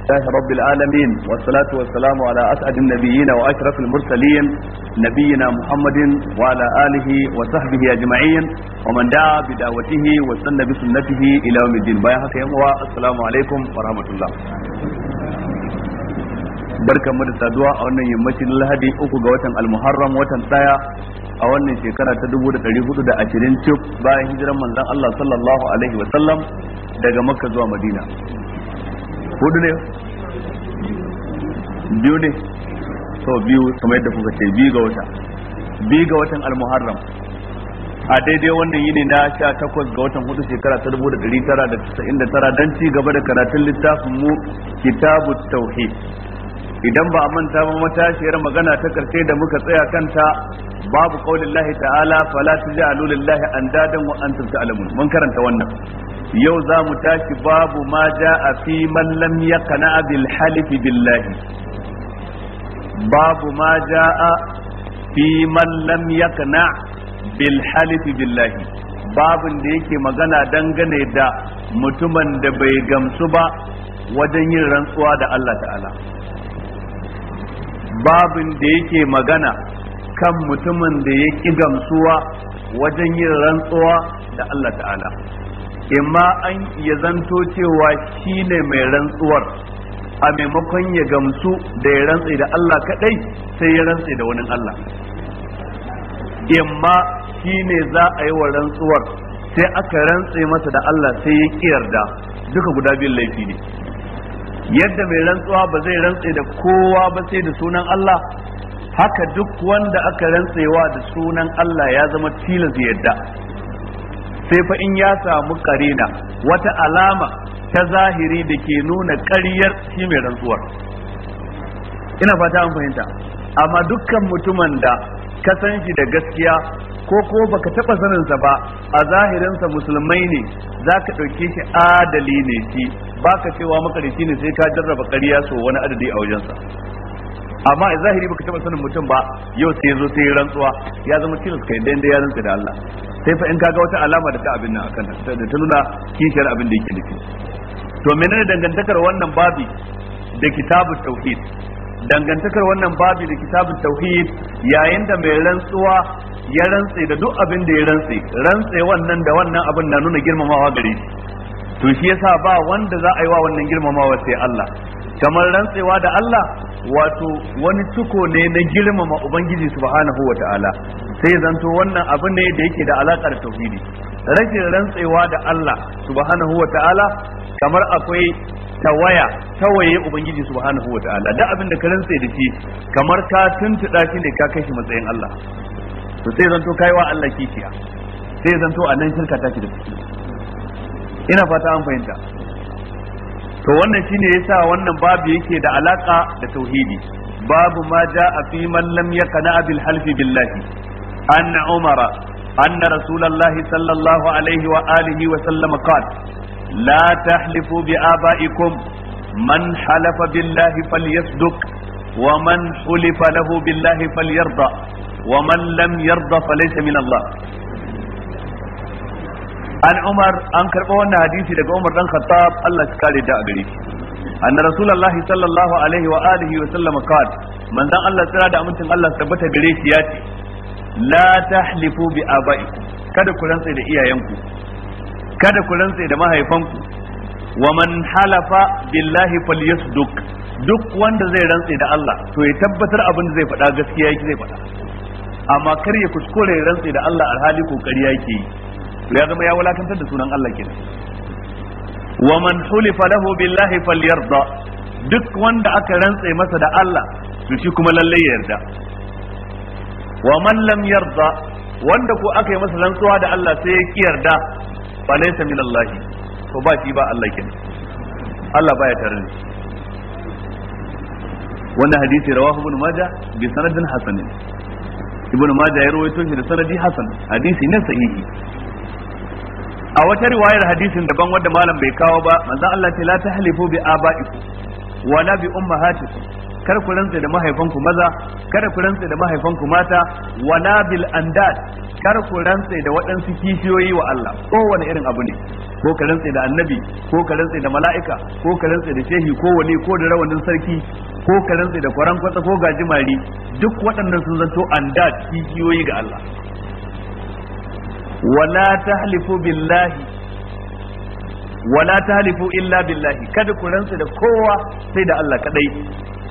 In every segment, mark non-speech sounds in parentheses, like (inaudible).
لله رب العالمين والصلاة والسلام على أسعد النبيين وأشرف المرسلين نبينا محمد وعلى آله وصحبه أجمعين ومن دعا بدعوته واستنى بسنته إلى يوم الدين بايحك السلام عليكم ورحمة الله barkan mu da saduwa a wannan yammacin lahadi uku ga watan almuharram watan daya a wannan shekara ta ashirin cif bayan hijiran manzon Allah sallallahu alaihi wa sallam daga makka zuwa madina hudu ne biyu ne to biyu kamar yadda kuka ce biyu ga wata biyu ga watan almuharram a daidai wannan yini na sha takwas ga watan hudu shekara ta dubu da dari tara da casa'in da tara don ci gaba da karatun littafin mu kitabu tauhid idan ba a manta ba matashiyar magana ta karshe da muka tsaya kanta babu qaulin lahi ta'ala fala taj'alu lillahi andadan wa antum ta'lamun mun karanta wannan yau za mu tashi babu ma jaa fi man ya kana bil halifi billahi babu ma jaa fi man ya kana bil halifi billahi babin da yake magana dangane da mutumin da bai gamsu ba wajen yin rantsuwa da Allah ta'ala babin da yake magana kan mutumin da ya ki gamsuwa wajen yin rantsuwa da Allah ta'ala imma an ya zanto cewa shi ne mai rantsuwar a maimakon ya gamsu da ya rantsi da Allah kaɗai sai ya rantsi da wani Allah imma shi ne za a yi wa rantsuwar sai aka rantsi masa da Allah sai ya ƙi yarda duka guda biyun laifi ne yadda mai rantsuwa ba zai rantse da kowa ba sai da sunan Allah haka duk wanda aka rantsewa da sunan Allah ya zama tilas yadda sai fa in ya samu karina wata alama ta zahiri da ke nuna ƙaryar shi mai rantsuwa. ina fata an fahimta amma dukkan mutumin da ka san shi da gaskiya ko ko baka taba sanin sa ba a zahirin sa musulmai ne zaka dauke shi adali ne shi baka cewa makarici ne sai ka jarraba ƙarya so wani adadi a wajen sa amma a zahiri baka taba sanin mutum ba yau sai zo sai rantsuwa ya zama tilas kai dan ya rantsa da Allah sai fa in kaga wata alama da ta abin nan akan da ta nuna kishiyar abin da yake nufi to menene dangantakar wannan babi da kitabu tauhid dangantakar wannan babi da kitabun tauhid yayin da mai rantsuwa ya rantse da duk abin da ya rantse rantse wannan da wannan abin na nuna girmamawa gare shi to shi yasa ba wanda za a yi wa wannan girmamawa sai Allah kamar rantsewa da Allah wato wani tuko ne na girmama ubangiji subhanahu wataala sai zanto wannan abin ne da yake da alaka da tauhidi rashin rantsewa da Allah subhanahu wataala kamar akwai tawaya tawaye ubangiji subhanahu wataala da abin da ka rantsa da shi kamar ka tuntuɗa shi ne ka kai shi matsayin Allah to sai zanto kai wa Allah kishiya sai zanto a nan shirka ta shi da ciki ina fata an fahimta to wannan shine yasa wannan babu yake da alaka da tauhidi babu ma jaa fi man lam yaqna bil halfi billahi anna umara أن رسول sallallahu alaihi wa عليه wa وسلم قال la tahlifu bi abaikum man halafa billahi falyasduq wa man hulifa lahu billahi falyarda wa man lam yarda falaysa min Allah an Umar an wannan hadisi daga Umar dan Allah da a gare shi أن رسول الله صلى الله عليه وآله وسلم قال من ذا الله سرى دا الله ثبت قريش ياتي لا تحلفوا بآبائكم kada ku rantsa da iyayenku kada ku rantse da mahaifanku wa man halafa billahi falyasduq duk wanda zai rantse da Allah to ya tabbatar abin da zai faɗa gaskiya yake zai faɗa amma kar ya kuskure ya rantse da Allah alhali kokari yake yi ya zama ya wulakantar da sunan Allah kenan wa man hulifa lahu billahi falyarda duk wanda aka rantse masa da Allah to shi kuma lalle ya yarda wa man lam yarda wanda ko aka yi masa rantsuwa da Allah sai ya ki yarda fa laysa min Allah to ba shi ba Allah kenan Allah baya tare ne wannan hadisi rawahu ibn majah bi sanadin hasan ibn majah ya rawaito shi da sanadi hasan hadisi ne sahihi a wata riwayar hadisin daban wanda malam bai kawo ba manzo Allah ce la tahlifu bi abaikum wala bi ummahatikum kar ku rantsa da mahaifanku maza kar ku rantsa da mahaifanku mata wala bil andad kar ku rantsa da waɗansu kishiyoyi wa Allah wani irin abu ne ko ka rantsa da annabi ko ka rantsa da mala'ika ko ka rantsa da shehi ko wani ko da rawanin sarki ko ka rantsa da kwaran kwatsa ko gajimari duk waɗannan sun zanto andad kishiyoyi ga Allah wala tahlifu billahi wala tahlifu illa billahi kada ku rantsa da kowa sai da Allah kadai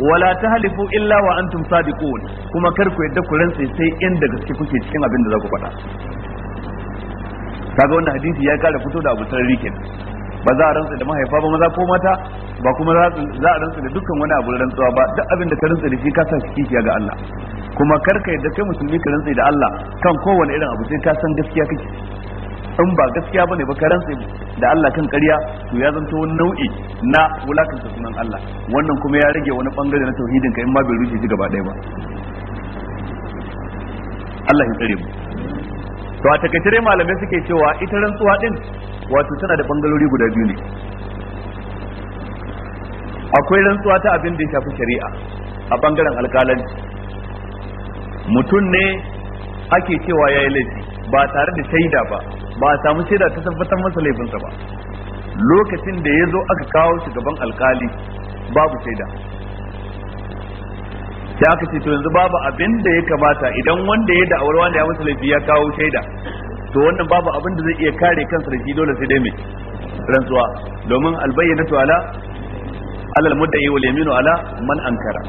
wala tahlifu illa wa antum sadiqun kuma kar ku yadda ku rantsa sai in da gaske kuke cikin abin da za ku faɗa kaga wannan hadisi ya kara fito da abu sarari kenan ba za a rantsa da mahaifa ba maza ko mata ba kuma za a rantsa da dukkan wani abu rantsuwa ba duk abin da ka rantsa da shi ka san kishiya ga Allah kuma karka yadda kai musulmi ka rantsa da Allah kan kowane irin abu sai ka san gaskiya kake in ba gaskiya bane ba karan sai da Allah kan ƙarya to ya zanto wani nau'i na wulakanta sunan Allah wannan kuma ya rage wani bangare na tauhidin ka in ma bai rushe shi gaba ɗaya ba Allah ya tsare mu to a takaitare malamai suke cewa ita rantsuwa din wato tana da bangarori guda biyu ne akwai rantsuwa ta abin da ya shafi shari'a a bangaren alƙalan mutum ne ake cewa ya yi laifi ba tare da shaida ba ba a samu shaida ta tabbatar masa laifinsa ba lokacin da ya zo aka kawo shi gaban alkali babu shaida sai aka ce to yanzu babu abin da ya kamata idan wanda ya da'awar wanda ya masa laifi ya kawo shaida to wannan babu abin da zai iya kare kansa da shi dole sai dai mai rantsuwa domin albayyanatu ala alal mudda'i wal yaminu ala man ankara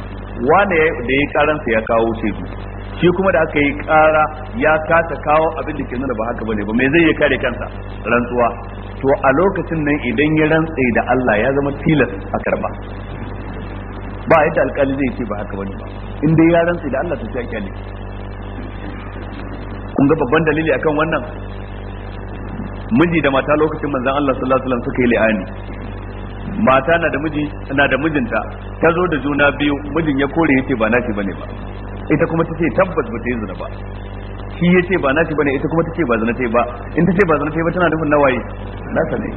wanda da ya karansa ya kawo shaidu shi kuma da aka yi kara ya kasa kawo abin da ke nuna ba haka bane ba me zai yi kare kansa rantsuwa to a lokacin nan idan ya rantsa da Allah ya zama tilas a karba ba yadda alkali zai ce ba haka bane ba in dai ya rantsa da Allah to sai ne. kun ga babban dalili akan wannan miji da mata lokacin manzon Allah sallallahu alaihi wasallam suka yi li'ani mata na da miji na da mijinta ta zo da juna biyu mijin ya kore yace ba nashi bane ba ita kuma ta ce tabbas ba ta yi zina ba shi ya ce ba na ce bane ita kuma ta ce ba zina ta ba in ta ce ba zina ta ba tana nufin nawaye Na ne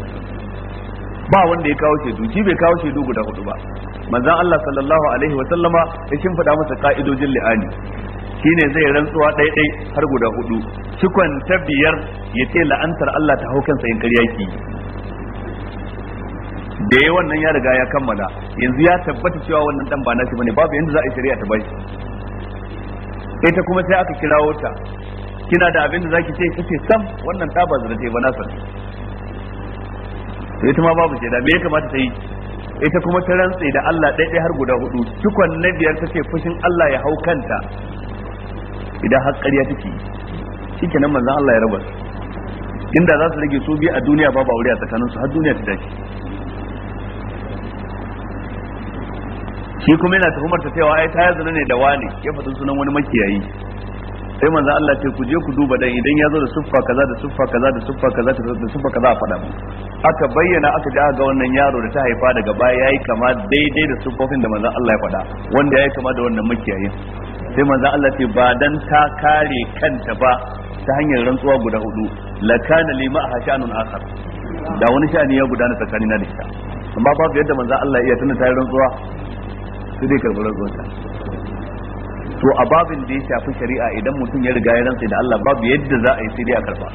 ba wanda ya kawo shaidu shi bai kawo shaidu guda hudu ba manzon Allah sallallahu alaihi wa sallama ya shimfida masa ka'idojin li'ani shine zai rantsuwa ɗaya ɗai har guda hudu cikon ta biyar ya ce la'antar Allah ta haukan sayin ƙarya ki da ya wannan ya riga ya kammala yanzu ya tabbata cewa wannan dan ba na shi bane babu yanda za a yi shari'a ta bai ita kuma sai aka kirawo ta kina da abin da zaki ce kace sam wannan ta ba zai ba na san to ita ma babu ce da me ya kamata ta yi ita kuma ta rantse da Allah ɗaya har guda hudu cikon na biyar ta ce fushin Allah ya hau kanta idan har ƙarya take shikenan manzon Allah ya raba inda za su rage su biyu a duniya babu aure a tsakaninsu har duniya ta dace shi kuma yana tuhumar ta cewa ai ta zuna ne da wani ya faɗi sunan wani makiyayi sai manzo Allah ce ku je ku duba dan idan ya zo da suffa kaza da suffa kaza da suffa kaza da suffa kaza a faɗa aka bayyana aka ji ga wannan yaro da ta haifa daga baya yayi kama daidai da suffofin da manzo Allah ya faɗa wanda yayi kama da wannan makiyayin sai manzo Allah ce ba dan ta kare kanta ba ta hanyar rantsuwa guda hudu la kana lima hashanun akhar da wani sha'ani ya gudana na da shi. amma babu yadda manzo Allah iya tana tayar rantsuwa su dai karɓi rantsuwarsa to a babin da ya shafi shari'a idan mutum ya riga ya rantsa da Allah babu yadda za a yi sai dai a karɓa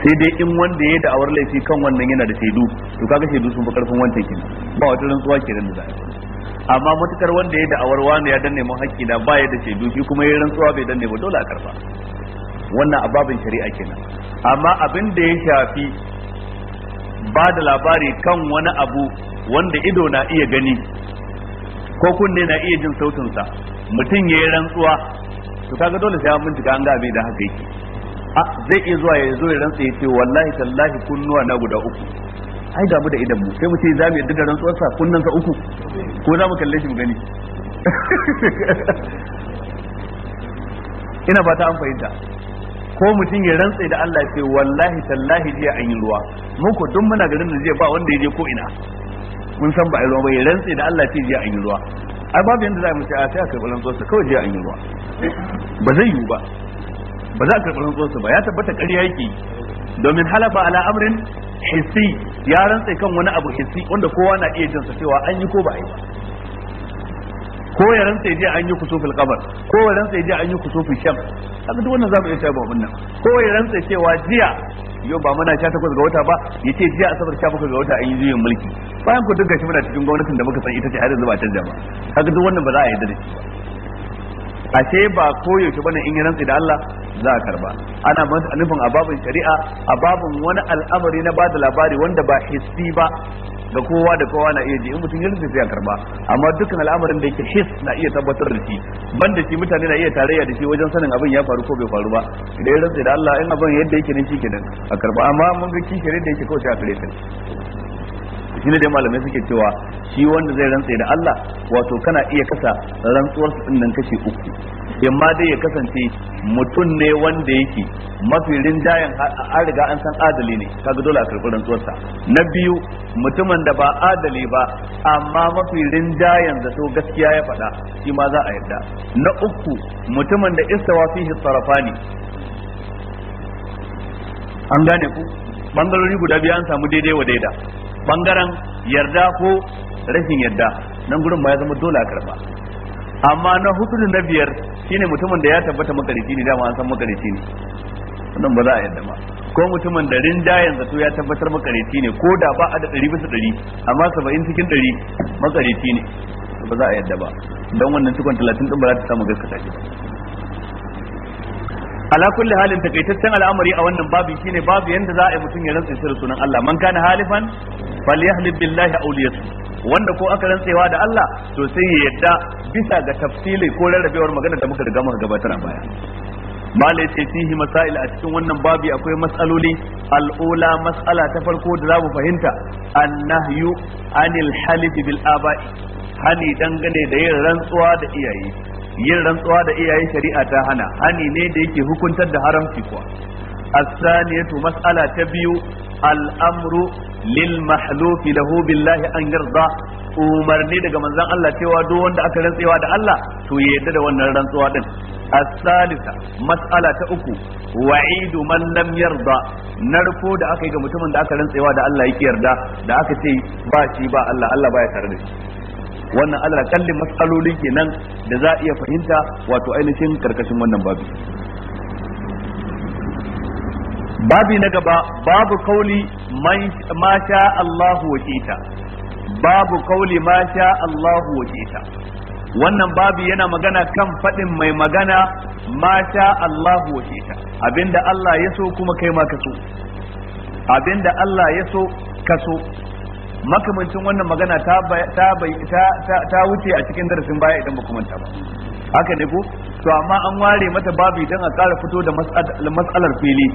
sai dai in wanda ya da'awar laifi kan wannan yana da shaidu to kaga shaidu sun fi karfin wancan kenan ba wata rantsuwa kenan da za a yi amma matukar wanda ya da'awar wani ya danne mun haƙƙi na ba ya da shaidu shi kuma ya rantsuwa bai danne ba dole a karɓa wannan a babin shari'a kenan amma abin da ya shafi ba da labari kan wani abu wanda ido na iya gani ko kunne na iya jin sautin sa mutum yi rantsuwa to kaga dole sai an bincika an ga da haka yake a zai iya zuwa ya zo ya rantsa ya ce wallahi tallahi kunnuwa na guda uku ai gamu da idan mu sai mu ce za mu yadda da rantsuwar sa kunnan sa uku ko za mu kalle shi mu gani ina fata an fahimta ko mutum ya rantsa da Allah ce wallahi tallahi jiya an yi ruwa mu ko duk muna garin da jiya ba wanda ya je ko ina kun san ba a ruwa ba ya rantse da Allah ce jiya an yi ruwa ai babu yanda za a mace a sai a karɓi rantsuwarsa kawai jiya an yi ruwa ba zai yiwu ba ba za a karɓi rantsuwarsa ba ya tabbata ƙarya yake domin halafa ala amrin hissi ya rantse kan wani abu hissi wanda kowa na iya jinsa cewa an yi ko ba a yi ba ko ya ransa ya je an yi kusufil kabar ko ya ransa ya je an yi kusufil sham haka duk wannan zamu iya cewa babun nan ko ya ransa cewa jiya yau ba muna sha takwas ga wata ba ya ce jiya asabar sha bakwai ga wata an yi juyin mulki bayan ku duk gashi muna cikin gwamnatin da muka san ita ce har yanzu ba canja ba haka duk wannan ba za a yi da shi ba ashe ba koyaushe bane in yi rantsi da Allah za a karba ana nufin a babin shari'a a babin wani al'amari na ba da labari wanda ba hissi ba ga kowa da kowa na iya ji in mutum yanzu sai a karba amma dukkan al'amarin da yake his na iya tabbatar da shi banda shi mutane na iya tarayya da shi wajen sanin abin ya faru ko bai faru ba idan ya rantsi da Allah in abin yadda yake nan shi kenan a karba amma mun ga kishiyar da yake kawai sai a kare ta ne dai malamai suke cewa shi wanda zai rantse da Allah wato kana iya kasa rantsuwar su din nan kashi uku imma dai ya kasance mutum ne wanda yake mafi rinjayen an riga an san adali ne kaga dole a karɓi rantsuwarsa na biyu mutumin da ba adali ba amma mafi rinjayen so gaskiya ya faɗa shi ma za a yarda na uku mutumin da istawa fihi tsarafani an gane ku bangarori guda biyu an samu daidai wa daida bangaren yarda ko rashin yarda nan gurin ba ya zama dole a karba amma na hudu na biyar shine mutumin da ya tabbata makarici ne dama an san makarici ne nan ba za a yarda ba ko mutumin da rinjayen zato ya tabbatar makarici ne ko da ba a da ɗari bisa ɗari amma saba'in cikin ɗari makarici ne ba za a yarda ba don wannan cikon talatin ɗin ba za ta samu gaskata ba ala kulli halin takaitaccen al'amari a wannan babu shine babu yanda za a yi mutum ya rantsa shi da sunan Allah man kana halifan falyahlib billahi aw wanda ko aka rantsewa da Allah to sai ya yadda bisa ga tafsili ko rarrabewar magana da muka riga muka gabatar a baya malai ce fihi masail a cikin wannan babi akwai matsaloli al'ula mas'ala ta farko da za mu fahimta annahyu anil halifi bil aba'i hani dangane da yin rantsuwa da iyaye yin rantsuwa da iyaye shari'a ta hana hani ne da yake hukuntar da haramci kuwa asaniyatu mas'ala ta biyu al'amru amru lil mahlufi lahu billahi an yarda umarni daga manzon Allah cewa duk wanda aka rantsewa da Allah to ya yarda da wannan rantsuwa din asalisa mas'ala ta uku wa'idu man lam yarda narko da aka yi ga mutumin da aka rantsewa da Allah yake yarda da aka ce ba shi ba Allah Allah baya tare da shi wannan alal kalli matsalolin kenan da za a iya fahimta wato ainihin karkashin wannan babu babi na gaba babu kauli ma sha Allahu wa babu kauli ma sha Allahu wa wannan babi yana magana kan faɗin mai magana ma sha Allahu wa abinda Allah ya so kuma kai ma ka so abinda Allah ya so ka so makamancin wannan magana ta ta wuce a cikin darasin baya idan baku manta ba haka ne ko to amma an ware mata babu idan a ƙara fito da matsalar fili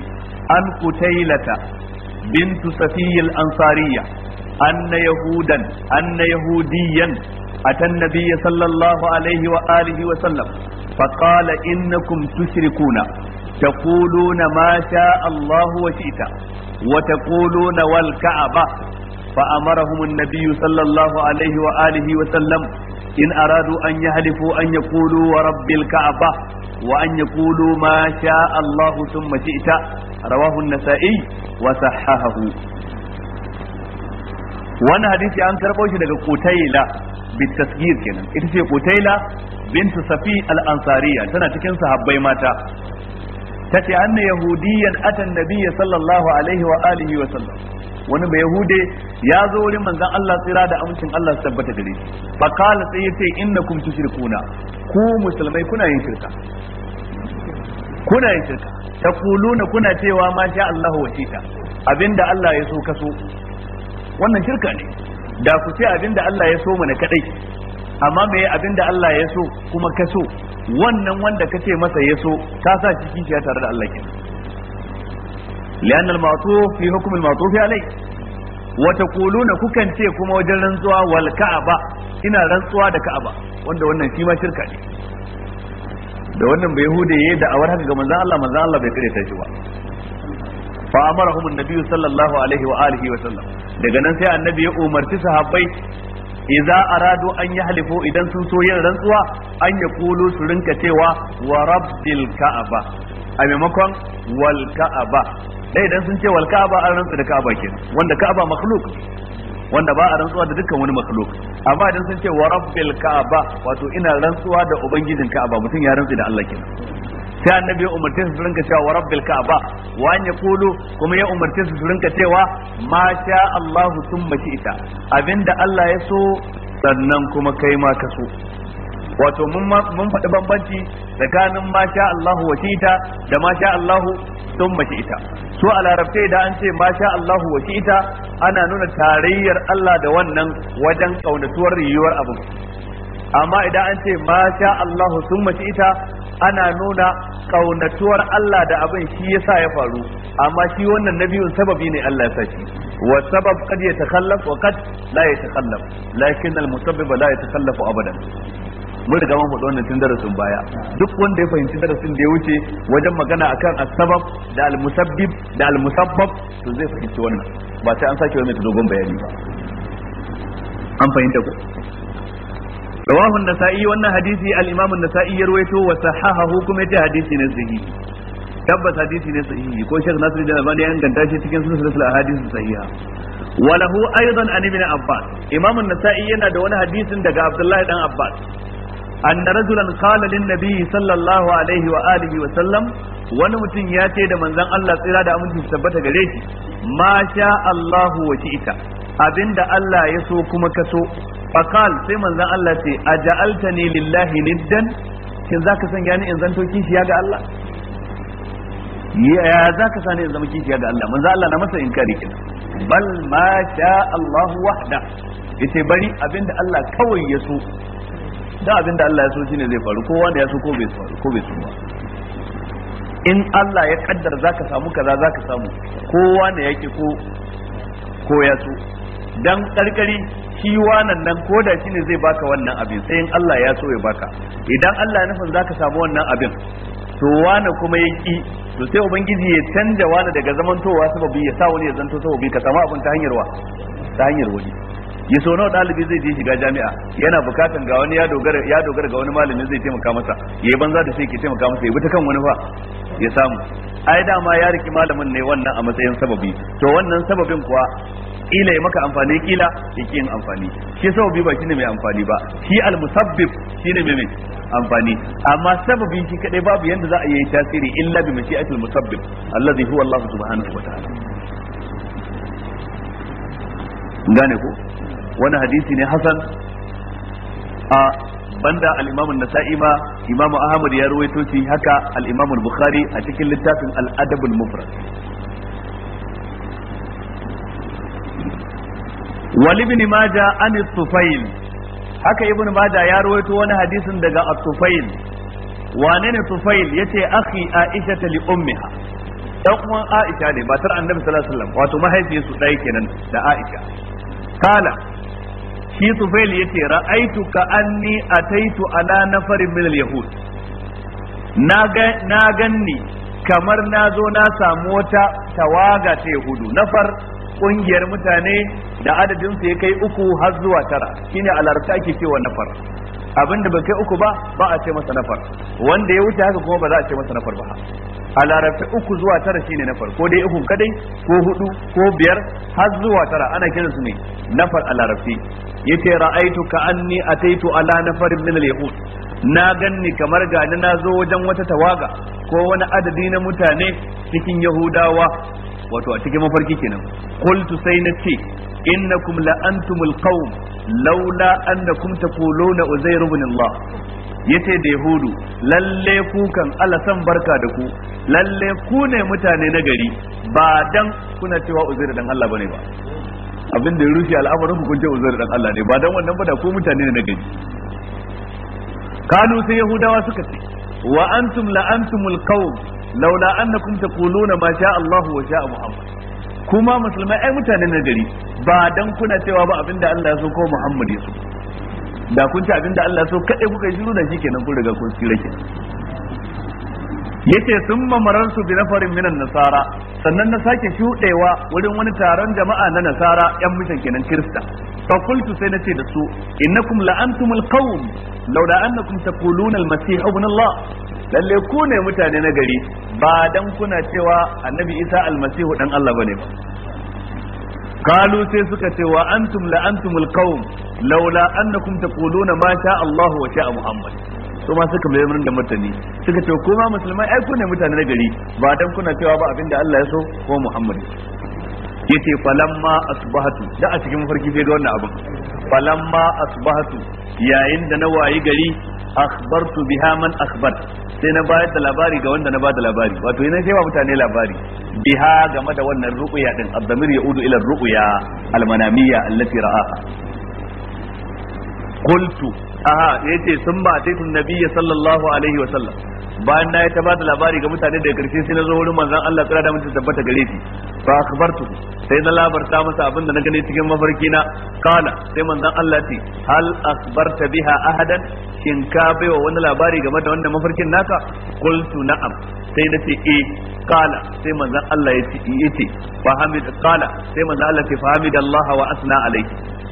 an kutailata bintu safiyyal ansariya anna yahudan anna yahudiyan atan nabiyyi sallallahu alaihi wa alihi wa sallam فقال إنكم تشركون تقولون ما شاء الله وشئت وتقولون والكعبة fa amarahum an-nabiy sallallahu alaihi wa alihi wa sallam in aradu an yahlifu an yaqulu wa rabbil ka'aba wa an yaqulu ma sha Allah thumma ji'ta rawahu an-nasa'i wa sahahahu wannan hadisi an karɓo shi daga Qutayla بالتسجيل kenan ita ce Qutayla Binta Safi al-Ansariya tana cikin sahabbai mata tace anna yahudiyan atan nabiyya sallallahu alaihi wa alihi wa sallam wani bai yahude ya zo wurin manzon Allah tsira da amincin Allah su tabbata gare shi fa qala sai yace innakum tushrikuna ku musulmai kuna yin shirka kuna yin shirka Ta taquluna kuna cewa ma sha Allah wa ta abinda Allah ya so ka so? wannan shirka ne da ku ce abinda Allah ya so mana kadai amma me abinda Allah ya so kuma ka so? wannan wanda ka ce masa yaso ka sa cikin shi ya tare da Allah ke. li'anna masu matuf fi hukm al-ma'tuf alai wa taquluna kukan ce kuma wajen rantsuwa wal ka'aba ina rantsuwa da ka'aba wanda wannan shi ma shirka ne da wannan bai hude yayi da awar haka ga manzon Allah manzon Allah bai kare ta shi ba fa amarahum an sallallahu alaihi wa alihi wa sallam daga nan sai annabi ya umarci sahabbai idza aradu an yahlifu idan sun so yin rantsuwa an yaqulu su rinka cewa wa rabbil ka'aba a maimakon wal ka'aba dai idan sun ce wal ka'aba an rantsu da ka'aba ke wanda ka'aba makhluk wanda ba a rantsuwa da dukkan wani makhluk amma idan sun ce wa rabbil ka'aba wato ina rantsuwa da ubangijin ka'aba mutum ya rantsu da Allah kenan sai annabi ya umarce su rinka cewa wa rabbil ka'aba wa an yaqulu kuma ya umarce su rinka cewa ma sha Allah thumma shi'ta abinda Allah ya so sannan kuma kai ma ka so wato mun mun faɗi bambanci tsakanin ma sha Allah wa shi'ta da ma sha Allah thumma shi'ta so a larabce da an ce ma sha Allah wa shi'ta ana nuna tarayyar Allah da wannan wajen kaunatuwar yiwuwar abu amma idan an ce ma sha Allah sun mace ita ana nuna kaunatuwar Allah da abin shi yasa ya faru amma shi wannan nabiyun sababi ne Allah ya saki wa sabab kad ya takallaf wa kad la ya takallaf lakin al musabbib la ya takallaf abadan mun riga mun faɗi wannan tun darasin baya duk wanda ya fahimci darasin da ya wuce wajen magana akan asbab da al musabbib da al musabbab to zai fahimci wannan ba sai an sake wani dogon bayani ba an fahimta ko. rawahu an-nasa'i wannan hadisi al-imam an-nasa'i ya rawaito wa sahahahu kuma ya hadisi ne sahihi tabbas hadisi ne sahihi ko Sheikh Nasir da Albani ya inganta shi cikin silsilar ahadith sahiha wa lahu aidan an ibn Abbas imam an-nasa'i yana da wani hadisin daga Abdullahi dan Abbas أن رجلا قال للنبي صلى الله عليه وآله وسلم wani mutum ya ce da manzan Allah tsira da aminci tabbata gare shi ma sha Allahu wa ita abinda Allah ya so kuma ka so faqal sai manzan Allah ce aja'altani lillahi niddan kin ka sanya ni in zanto kishi ya ga Allah ya ka sani in zama kishi ya ga Allah manzon Allah na masa in inkari kin bal ma sha Allahu wahda yace bari abinda Allah kawai ya so da abin da Allah ya so shine zai faru kowa da ya so ko bai so ko bai so ba in Allah ya kaddar zaka samu kaza zaka samu kowa ne yake ko ko ya so dan karkari shi wannan nan ko da shine zai baka wannan abin sai in Allah ya so ya baka idan Allah ya nufin zaka samu wannan abin to wani kuma ya ki to sai ubangiji ya canja wani daga zamantowa sababi ya sa wani ya zanto sababi ka samu abin ta hanyar wa ta hanyar wani ya so nawa dalibi zai je shiga jami'a yana bukatan ga wani ya dogara ya dogara ga wani malamin zai taimaka masa yayi banza da sai ke taimaka masa ya bi ta kan wani fa ya samu ai dama ya riki malamin ne wannan a matsayin sababi to wannan sababin kuwa kila ya maka amfani kila ya ki yin amfani shi sababi ba shine mai amfani ba shi al-musabib almusabbib shine mai amfani amma sababin shi kadai babu yanda za a yi tasiri illa bi mashi'atul musabbib alladhi huwa Allah subhanahu wa ta'ala gane ko wani hadisi ne hasan a banda al-imam nasai ma imam ahmad ya ruwaito shi haka al bukhari a cikin littafin al-adab al-mufrad wal ibn majah an tufail haka ibn Maja ya ruwaito wani hadisin daga at-tufail wane ne tufail yace akhi aisha li ummiha dan uwan aisha ne matar annabi sallallahu alaihi wasallam wato mahaifiyarsu dai kenan da aisha kala shi ya yace ra'aitu ka anni ataitu ala nafarin min al-yahud na na ganni kamar na zo na samu wata tawaga ta yahudu nafar kungiyar mutane da adadin su ya kai uku har zuwa tara shine a ake cewa nafar abin da bai kai uku ba ba a ce masa nafar wanda ya wuce haka kuma ba za a ce masa nafar ba a larabci uku zuwa tara shine nafar ko dai uku kadai ko hudu ko biyar har zuwa tara ana kiran su ne nafar a larabci yace ra'aitu ka anni ataitu ala nafar min al-yahud na ganni kamar ga ni na zo wajen wata tawaga ko wani adadi na mutane cikin yahudawa wato a cikin mafarki kenan qultu sai na ce innakum la antumul qaum laula annakum taquluna uzairu ibn Allah yace da yahudu lalle ku kan Allah san barka da ku lalle ku ne mutane na gari ba dan kuna cewa uzairu dan Allah bane ba abin da ya rushe al'amarin ku kun ce uzairu dan Allah ne ba dan wannan ba da ku mutane ne na gari kanu sai yahudawa suka ce wa antum la antumul qawm laula annakum taquluna ma sha Allah wa sha Muhammad kuma musulmai ai mutane na gari ba dan kuna cewa ba abinda Allah ya so ko Muhammad ya so da kun ci abinda Allah ya so kadai kuka yi shiru da shi kenan kun riga kun tsira kenan yace sun mamararsu bi nafarin minan nasara sannan na sake shudewa wurin wani taron jama'a na nasara yan mishan kenan kirista fa qultu sai nace da su innakum la antumul qawm laula annakum taquluna al masih ibn allah lalle ku ne mutane na gari ba dan kuna cewa annabi isa almasihu dan Allah bane ba kalu sai suka ce wa antum la antumul qaum laula annakum taquluna ma sha Allah wa sha Muhammad to ma suka mai da mutane suka ce kuma musulmai ai ku ne mutane na gari ba dan kuna cewa ba abinda Allah ya so ko Muhammad yace falamma asbahatu da a cikin mafarki sai ga wannan abin falamma asbahatu yayin da na wayi gari akhbartu biha man akhbar sai na bayar da labari ga wanda na bada labari wato yana cewa mutane labari biha game da wannan ruqya din addamir udu ila ruqya almanamiyya allati ra'aha qultu aha yace sun ba tun nabiyyi sallallahu alaihi wa sallam bayan na ya tabbata labari ga mutane da karshe sai na zo wurin manzon Allah kira da mutum tabbata gare shi fa akhbartu sai na labarta masa abin da na gani cikin mafarki na kana sai manzon Allah ce hal akhbarta biha ahadan shin ka wa wani labari game da wannan mafarkin naka qultu na'am sai na ce eh kana sai manzon Allah ya ce yace fa hamid kana sai manzon Allah ce fa Allah wa asna alaihi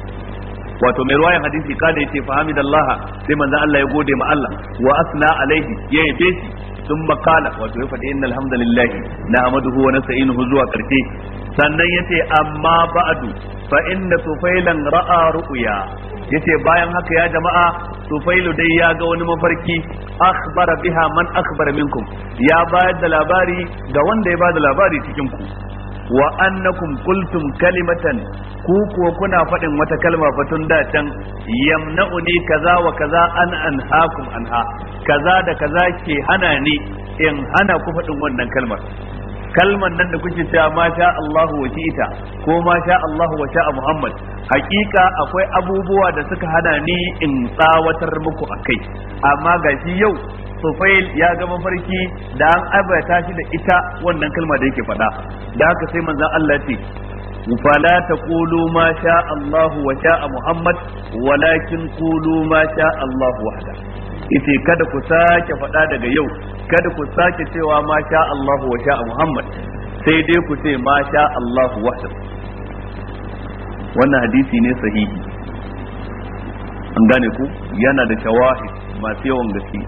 wato mai ruwayan hadisi kada yace fa Hamidallah, sai manzo Allah ya gode ma Allah wa asna alaihi ya yabe shi sun makala. wato ya faɗi innal hamdalillah nahmaduhu wa nasta'inuhu zuwa karshe sannan yace amma ba'du fa inna tufailan ra'a ru'ya yace bayan haka ya jama'a tufailu dai ya ga wani mafarki akhbara biha man akhbara minkum ya bayar da labari ga wanda ya bada labari cikin ku wa annakum qultum kalimatan ku kuwa kuna faɗin wata kalma fa tun da can yamna'uni kaza wa kaza an anhaakum anha kaza da kaza ke hana ni in hana ku faɗin wannan kalmar kalman nan da kuke cewa ma sha Allahu wa ita ko ma sha Allahu wa sha Muhammad hakika akwai abubuwa da suka hana ni in tsawatar muku akai amma gashi yau Sufail ya ga mafarki da an abata shi da ita wannan kalma da yake faɗa da haka sai manzon Allah ce فلا Kulu ما Allahu الله وشاء Muhammad, ولكن قولوا ما شاء الله ita kada ku sake faɗa daga yau kada ku sake cewa ma sha Allahu wa sha Muhammad sai dai ku ce ma sha Allahu wahdahu wannan hadisi ne sahihi an gane ku yana da shawahid masu yawan gaske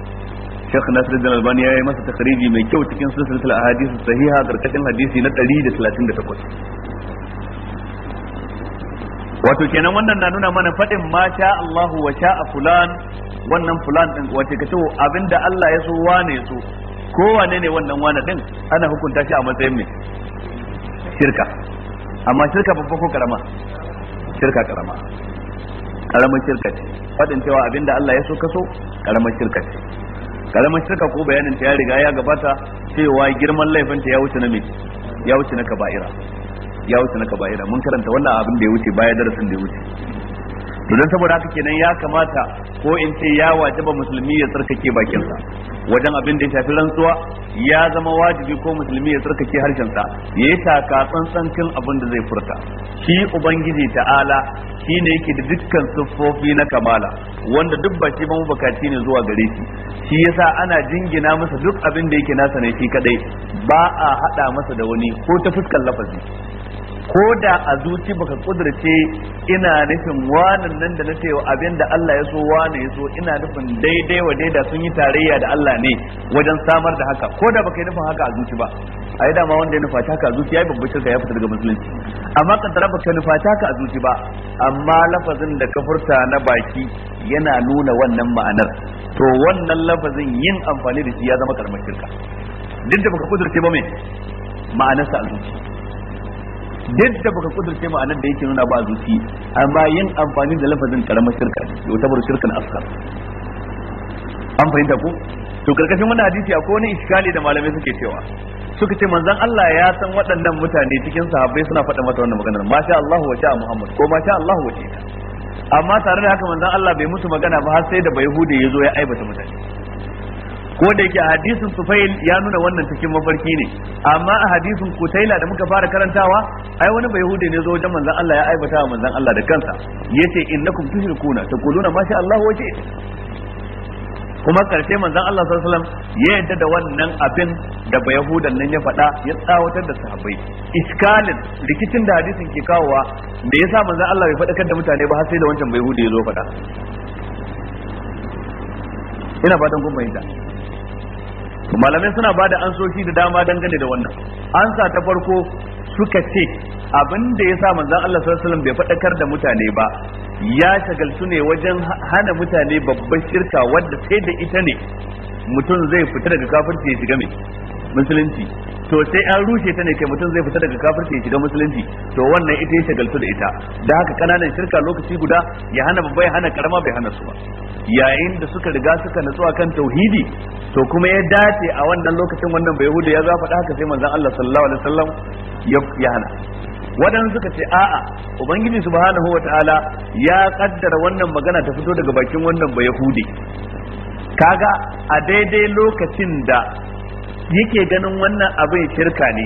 Sheikh Nasiruddin Albani ya yi masa takhriji mai kyau cikin silsilar ahadisi sahiha karkashin hadisi na 138 wato kenan wannan na nuna mana faɗin ma sha Allahu wa sha'a fulan wannan fulan din wace kace abinda Allah ya so wane so ko wane ne wannan wane din ana hukunta shi a matsayin me shirka amma shirka babba ko karama shirka karama karamar shirka ce faɗin cewa abinda Allah ya so ka so karamar shirka ce karamar shirka ko bayanin ta ya riga ya gabata cewa girman laifin ta ya wuce na me ya wuce na kaba'ira ya wuce na kaba'ira mun karanta wannan abin da ya wuce baya darasin da ya wuce to dan saboda haka kenan ya kamata ko in ce ya wajaba musulmi ya tsarkake bakinsa wajen abin da ya shafi rantsuwa ya zama wajibi ko musulmi ya tsarkake sa ya yi taka tsantsan kan abin da zai furta shi ubangiji ta'ala shi yake da dukkan siffofi na kamala wanda duk ba shi ba mabukaci ne zuwa gare shi shi yasa ana jingina masa duk abin da yake nasa ne shi kadai ba a hada masa da wani ko ta fuskar lafazi ko da a zuci baka kudurce ina nufin wanan nan da na ce abin da Allah ya so wane ya so ina nufin daidai wa daida sun yi tarayya da Allah ne wajen samar da haka ko da baka yi nufin haka a zuci ba a yi dama wanda ya nufa haka a zuci ya yi babbar shirka ya fita daga musulunci amma tara baka nufa haka a zuci ba amma lafazin da ka furta na baki yana nuna wannan ma'anar to wannan lafazin yin amfani da shi ya zama karamar shirka duk da baka kudurce ba mai ma'anarsa a zuci yadda baka kudurce nan da yake nuna ba a zuci amma yin amfani da lafazin karamar shirka yau tabar shirkan askar an fahimta ko to karkashin wannan hadisi akwai wani iskali da malamai suke cewa suka ce manzon Allah ya san waɗannan mutane cikin sahabbai suna faɗa mata wannan maganar masha Allah wa sha Muhammad ko masha Allah wa amma tare da haka manzon Allah bai mutu magana ba har sai da bai hude ya zo ya aibata mutane ko da yake hadisin sufail ya nuna wannan cikin mafarki ne amma a hadisin kutaila da muka fara karantawa ai wani bai hude ne zo wajen manzon Allah ya aibata wa manzon Allah da kansa yace innakum tushrikuna taquluna ma sha Allah waje kuma karshe manzon Allah sallallahu alaihi wasallam ya yadda da wannan abin da bai hudan nan ya faɗa ya tsawatar da sahabbai iskalin rikicin da hadisin ke kawowa da yasa manzon Allah bai faɗa da mutane ba har sai da wancan bai hude ya zo faɗa ina fatan kun fahimta malamai suna bada ansoshi da dama dangane da wannan ansa ta farko suka ce abin da ya sa Allah sallallahu alaihi bai faɗakar da mutane ba ya shagaltu ne wajen hana mutane babbar shirka wadda sai da ita ne mutum zai fita daga kafirci ya shiga mai musulunci to sai an rushe ta ne kai mutum zai fita daga kafirci ya shiga musulunci to wannan ita ya shagaltu da ita da haka kananan shirka lokaci guda ya hana babba ya hana karama bai hana su ba yayin da suka riga suka natsu akan tauhidi to kuma ya dace a wannan lokacin wannan bai hudu ya zafa haka sai manzon Allah sallallahu alaihi wasallam ya hana wadan suka ce a'a ubangiji subhanahu wataala ya kaddara wannan magana ta fito daga bakin wannan bai hude kaga a daidai lokacin da yake ganin wannan abin shirka ne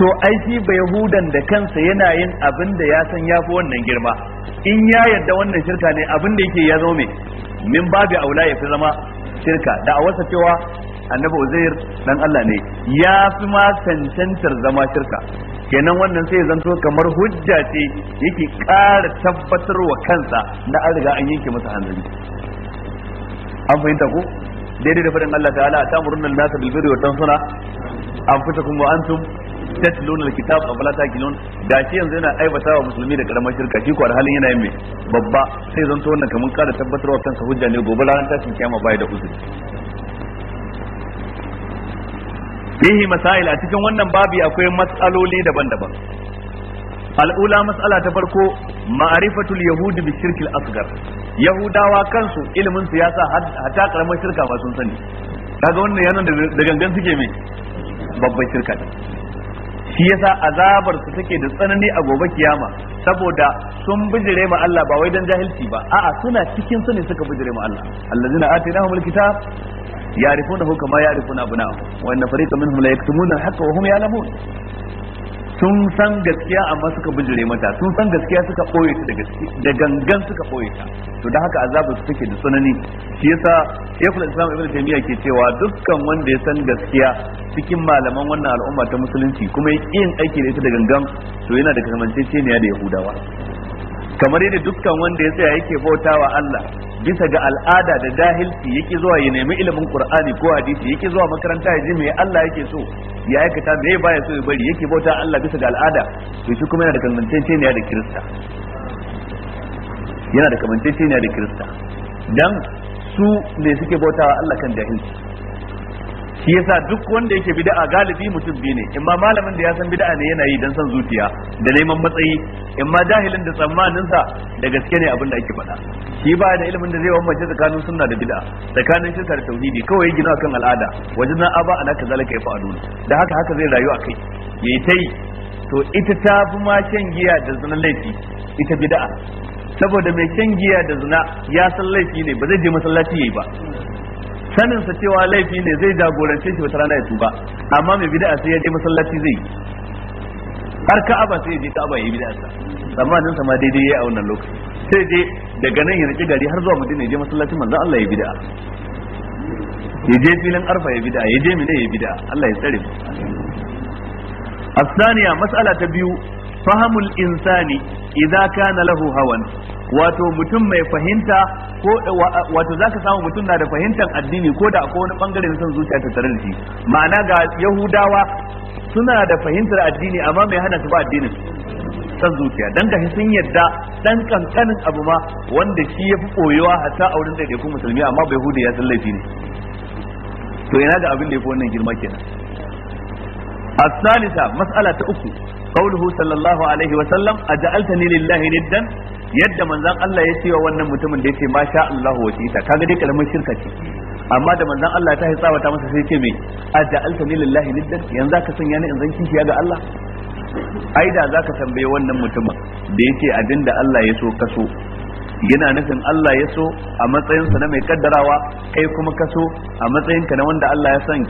to ai shi bai yahudan da kansa yana yin abin da ya san yafi wannan girma in ya yarda wannan shirka ne abin da yake ya zo mai min babu aula ya fi zama shirka da a wasa cewa annabi uzair dan Allah ne ya fi ma cancantar zama shirka kenan wannan sai zanto kamar hujja ce yake ƙara tabbatarwa kansa na an riga an yanke masa hanzari an fahimta ko daidai da faɗin Allah ta'ala atamurun an-nasa bil birri wa tansuna anfusakum wa antum tatluna al-kitab aw la taqilun shi yanzu yana aibata wa musulmi da karamar shirka shi ko halin yana yin babba sai zanto wannan kamar kada tabbatarwa kansa hujja ne gobe ranar tashin kiyama bai da uzuri fihi masail a cikin wannan babi akwai matsaloli daban-daban al'ula mas'ala ta farko ma'arifatul yahud bi shirkil asgar yahudawa kansu ilimin sa hatta karamar shirka ba sun sani kaga wannan yana da gangan suke mai babban shirka shi yasa azabar su take da tsanani a gobe kiyama saboda sun bijire ma Allah ba wai dan jahilci ba a'a suna cikin su ne suka bijire ma Allah allazina atainahumul kitab ya'rifunahu kama ya'rifuna abna'ahum wa inna fariqan minhum la yaktumuna al-haqqa wa hum ya'lamun sun san gaskiya amma suka bujire mata sun san gaskiya suka ɓoye ta da gangan suka ɓoye ta to da haka azabu su take da tsanani shi yasa shekul islam ibn taymiya ke cewa dukkan wanda ya san gaskiya cikin malaman wannan al'umma ta musulunci kuma yin aiki da ita da gangan to yana da kamanceceniya da yahudawa kamar yadda dukkan wanda ya tsaya yake bautawa Allah bisa ga al'ada da jahilci yake zuwa ya nemi ilimin Qur'ani ko hadisi yake zuwa makaranta ya ji me Allah yake so ya aikata me baya so ya bari yake bauta Allah bisa ga al'ada to shi kuma yana da ne da Kirista yana da ne da Kirista dan su ne suke bautawa Allah kan jahilci shi yasa duk wanda yake bid'a galibi mutum biyu ne in ma malamin da ya san bid'a ne yana yi dan san zuciya da neman matsayi in ma jahilin da tsammanin sa da gaske ne abin da ake faɗa shi ba da ilimin da zai ce tsakanin sunna da bid'a tsakanin shirka da tauhidi kawai ya gina kan al'ada wajen na aba ana zalaka ya fa'alun da haka haka zai rayu a akai yayi tai to ita ta fi ma shan giya da zunan laifi ita bid'a saboda mai shan giya da zina ya san laifi ne ba zai je masallaci yayi ba sanin sa cewa laifi ne zai jagorance shi wata rana ya tuba amma mai bid'a sai ya je masallaci zai har ka'aba sai ya je ka'aba ya yi bid'a sa tsammanin sa ma daidai yayi a wannan lokaci sai je daga nan ya rike gari har zuwa Madina ya je masallacin manzo Allah ya bid'a ya je filin arfa ya bid'a ya je mina ya bid'a Allah ya tsare asaniya mas'ala ta biyu فهم insani idza kana lahu hawan. wato mutum mai fahimta ko eh, eh, wato zaka samu mutum na da fahimtar addini ko da akwai wani bangare na son zuciya tattare da shi ma'ana ga yahudawa suna da fahimtar addini amma mai hana su ba addinin san zuciya dan ga sun yadda dan kankanin abu ma wanda shi yafi koyowa hatta a wurin ɗaiɗaikun musulmi amma bai hudu ya san laifi ne to yana ga abin da fi wannan girma kenan mas'ala ta uku. قوله sallallahu alaihi wa sallam أجعلتني لله ندا yadda manzan Allah ya cewa wa wannan mutumin da ya ce ma sha Allah wa ta kaga dai karamin shirka ce amma da manzan Allah ta hitsawa ta masa sai ce me aja'altani lillahi niddan yanzu ka sanya ni in zan kishiya ga Allah ai da zaka tambaye wannan mutumin da yake abinda Allah ya so ka so yana nufin Allah ya so a matsayinsa na mai kaddarawa kai kuma ka so a matsayinka na wanda Allah ya san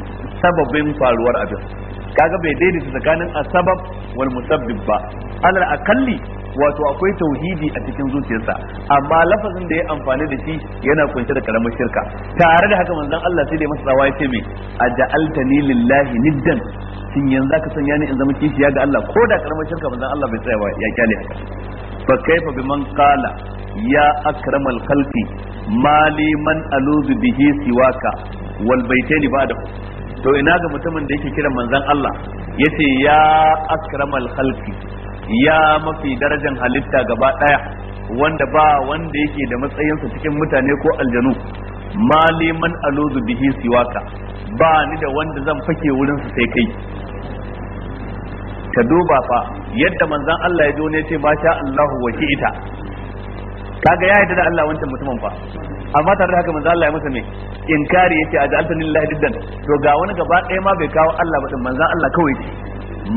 sababin faruwar abin kaga bai daidaita tsakanin Asabab wal musabbib ba alal akalli wato akwai tauhidi a cikin zuciyarsa amma lafazin da ya amfani da shi yana kunshe da karamar shirka tare da haka manzon Allah sai da masa tsawa ya ce mai aja'altani lillahi niddan shin yanzu ka sanya ni in zama kishiya ga Allah ko da karamar shirka manzon Allah bai tsaya ya kyale haka fa kaifa biman qala ya akramal khalqi mali man aluzu bihi siwaka wal baitaini ba'dahu to ina ga mutumin da yake kiran manzon Allah yace ya akramal khalqi ya mafi darajan halitta gaba daya wanda ba wanda yake da matsayin sa cikin mutane ko aljanu mali man aluzu bihi siwaka ba ni da wanda zan fake wurin su sai kai ka duba fa yadda manzon Allah ya ji ne ce masha Allahu wa ita kaga ya yarda da Allah wancan mutumin fa amma tare da haka manzo Allah ya masa me inkari yace aj'altani lillahi diddan to ga wani gaba ɗaya ma bai kawo Allah ba din manzo Allah kawai ce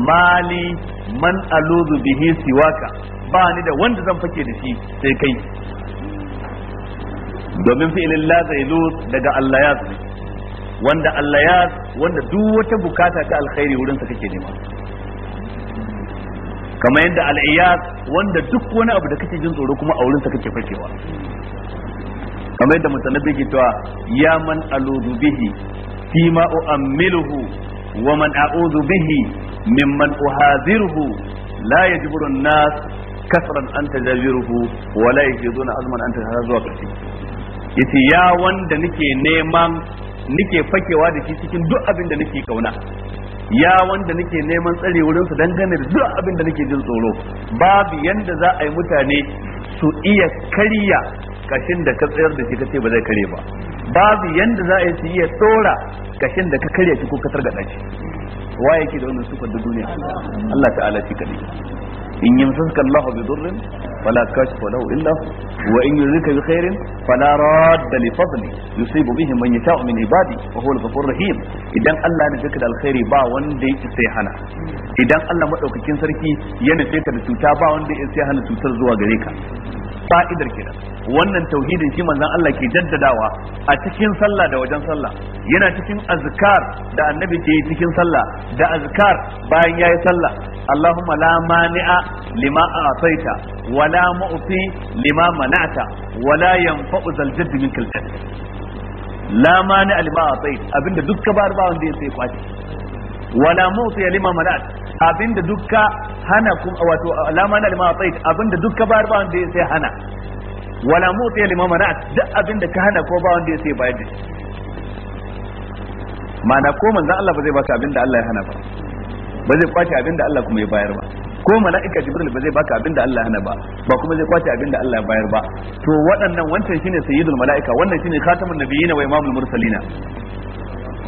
mali man aluzu bihi siwaka ba ni da wanda zan fake da shi sai kai domin fi'ilin la zailus daga Allah ya wanda Allah ya wanda duk wata bukata ta alkhairi wurin sa kake nema kamar yadda al'iyas wanda duk wani abu da kake jin tsoro kuma a wurin sa kake fakewa kamar yadda musallabi ke cewa ya man aludu bihi fi ma u'ammiluhu wa man a'udhu bihi mimman uhaziruhu la yajburu an-nas kasran an tajawiruhu wa la yajiduna azman an tajawiruhu kace yace ya wanda nake neman nake fakewa da shi cikin duk abin da nake kauna ya wanda nake neman tsare wurin su dangane da duk abin da nake jin tsoro babu yanda za a yi mutane su iya karya kashin da ka tsayar da shi ka ce ba zai kare ba babu yanda za a yi su iya tsora kashin da ka kare shi ko ka targada shi wa yake da wannan sukar da duniya Allah ta'ala shi kadai in yamsaka Allahu bi dhurrin fala kashifa lahu illa wa in yurika bi khairin fala radda li fadli yusibu bihi man yasha'u min ibadi wa huwa al-ghafurur rahim idan Allah ne fika da alkhairi ba wanda yake sai hana idan Allah madaukakin sarki ya nufe ka da cuta ba wanda yake sai hana cutar zuwa gare ka fa'idar kenan wannan tauhidin shi manzon Allah ke jaddadawa a cikin sallah da wajen sallah yana cikin azkar da annabi ke yi cikin sallah da azkar bayan yayi sallah Allahumma la mani'a lima a'taita wa la mu'ti lima mana'ta wa la yanfa'u zal jaddi minkal la mani'a abinda duk ka ba wanda ya sai kwace. wala musiya lima manat abinda dukka hana kuma wato lama na lima tsait abinda dukka bayar ba wanda sai hana wala musiya lima manat duk abinda ka hana ko ba wanda sai bayar da mana ko manzon Allah ba zai baka abinda Allah ya hana ba ba zai kwace abinda Allah kuma ya bayar ba ko mala'ika jibril ba zai baka abinda Allah hana ba ba kuma zai kwace abinda Allah ya bayar ba to waɗannan wancan shine sayyidul mala'ika wannan shine khatamun nabiyina wa imamul mursalina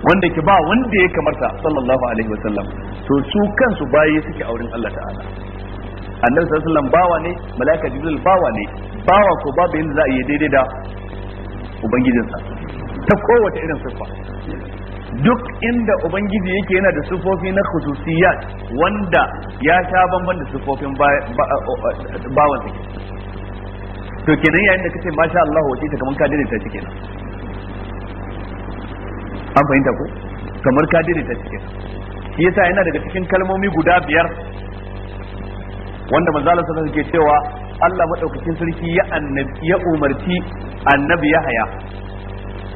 wanda ke ba wanda ya kamarta sallallahu alaihi wasallam to su kansu bayi suke auren Allah ta'ala annabi sallallahu alaihi bawa ne malaika jibril bawa ne bawa ko babu yanda za a yi daidai da ubangijinsa ta kowace irin siffa duk inda ubangiji yake yana da sufofi na khususiyat wanda ya sha bamban da sufofin bawan sa to kenan yayin da kace masha Allah wace ta kaman ka ta kenan an fahimta ko kamar ka daidaita cikin shi yasa yana daga cikin kalmomi guda biyar wanda manzala sa suke cewa Allah madaukakin sarki ya annabi ya umarci annabi Yahaya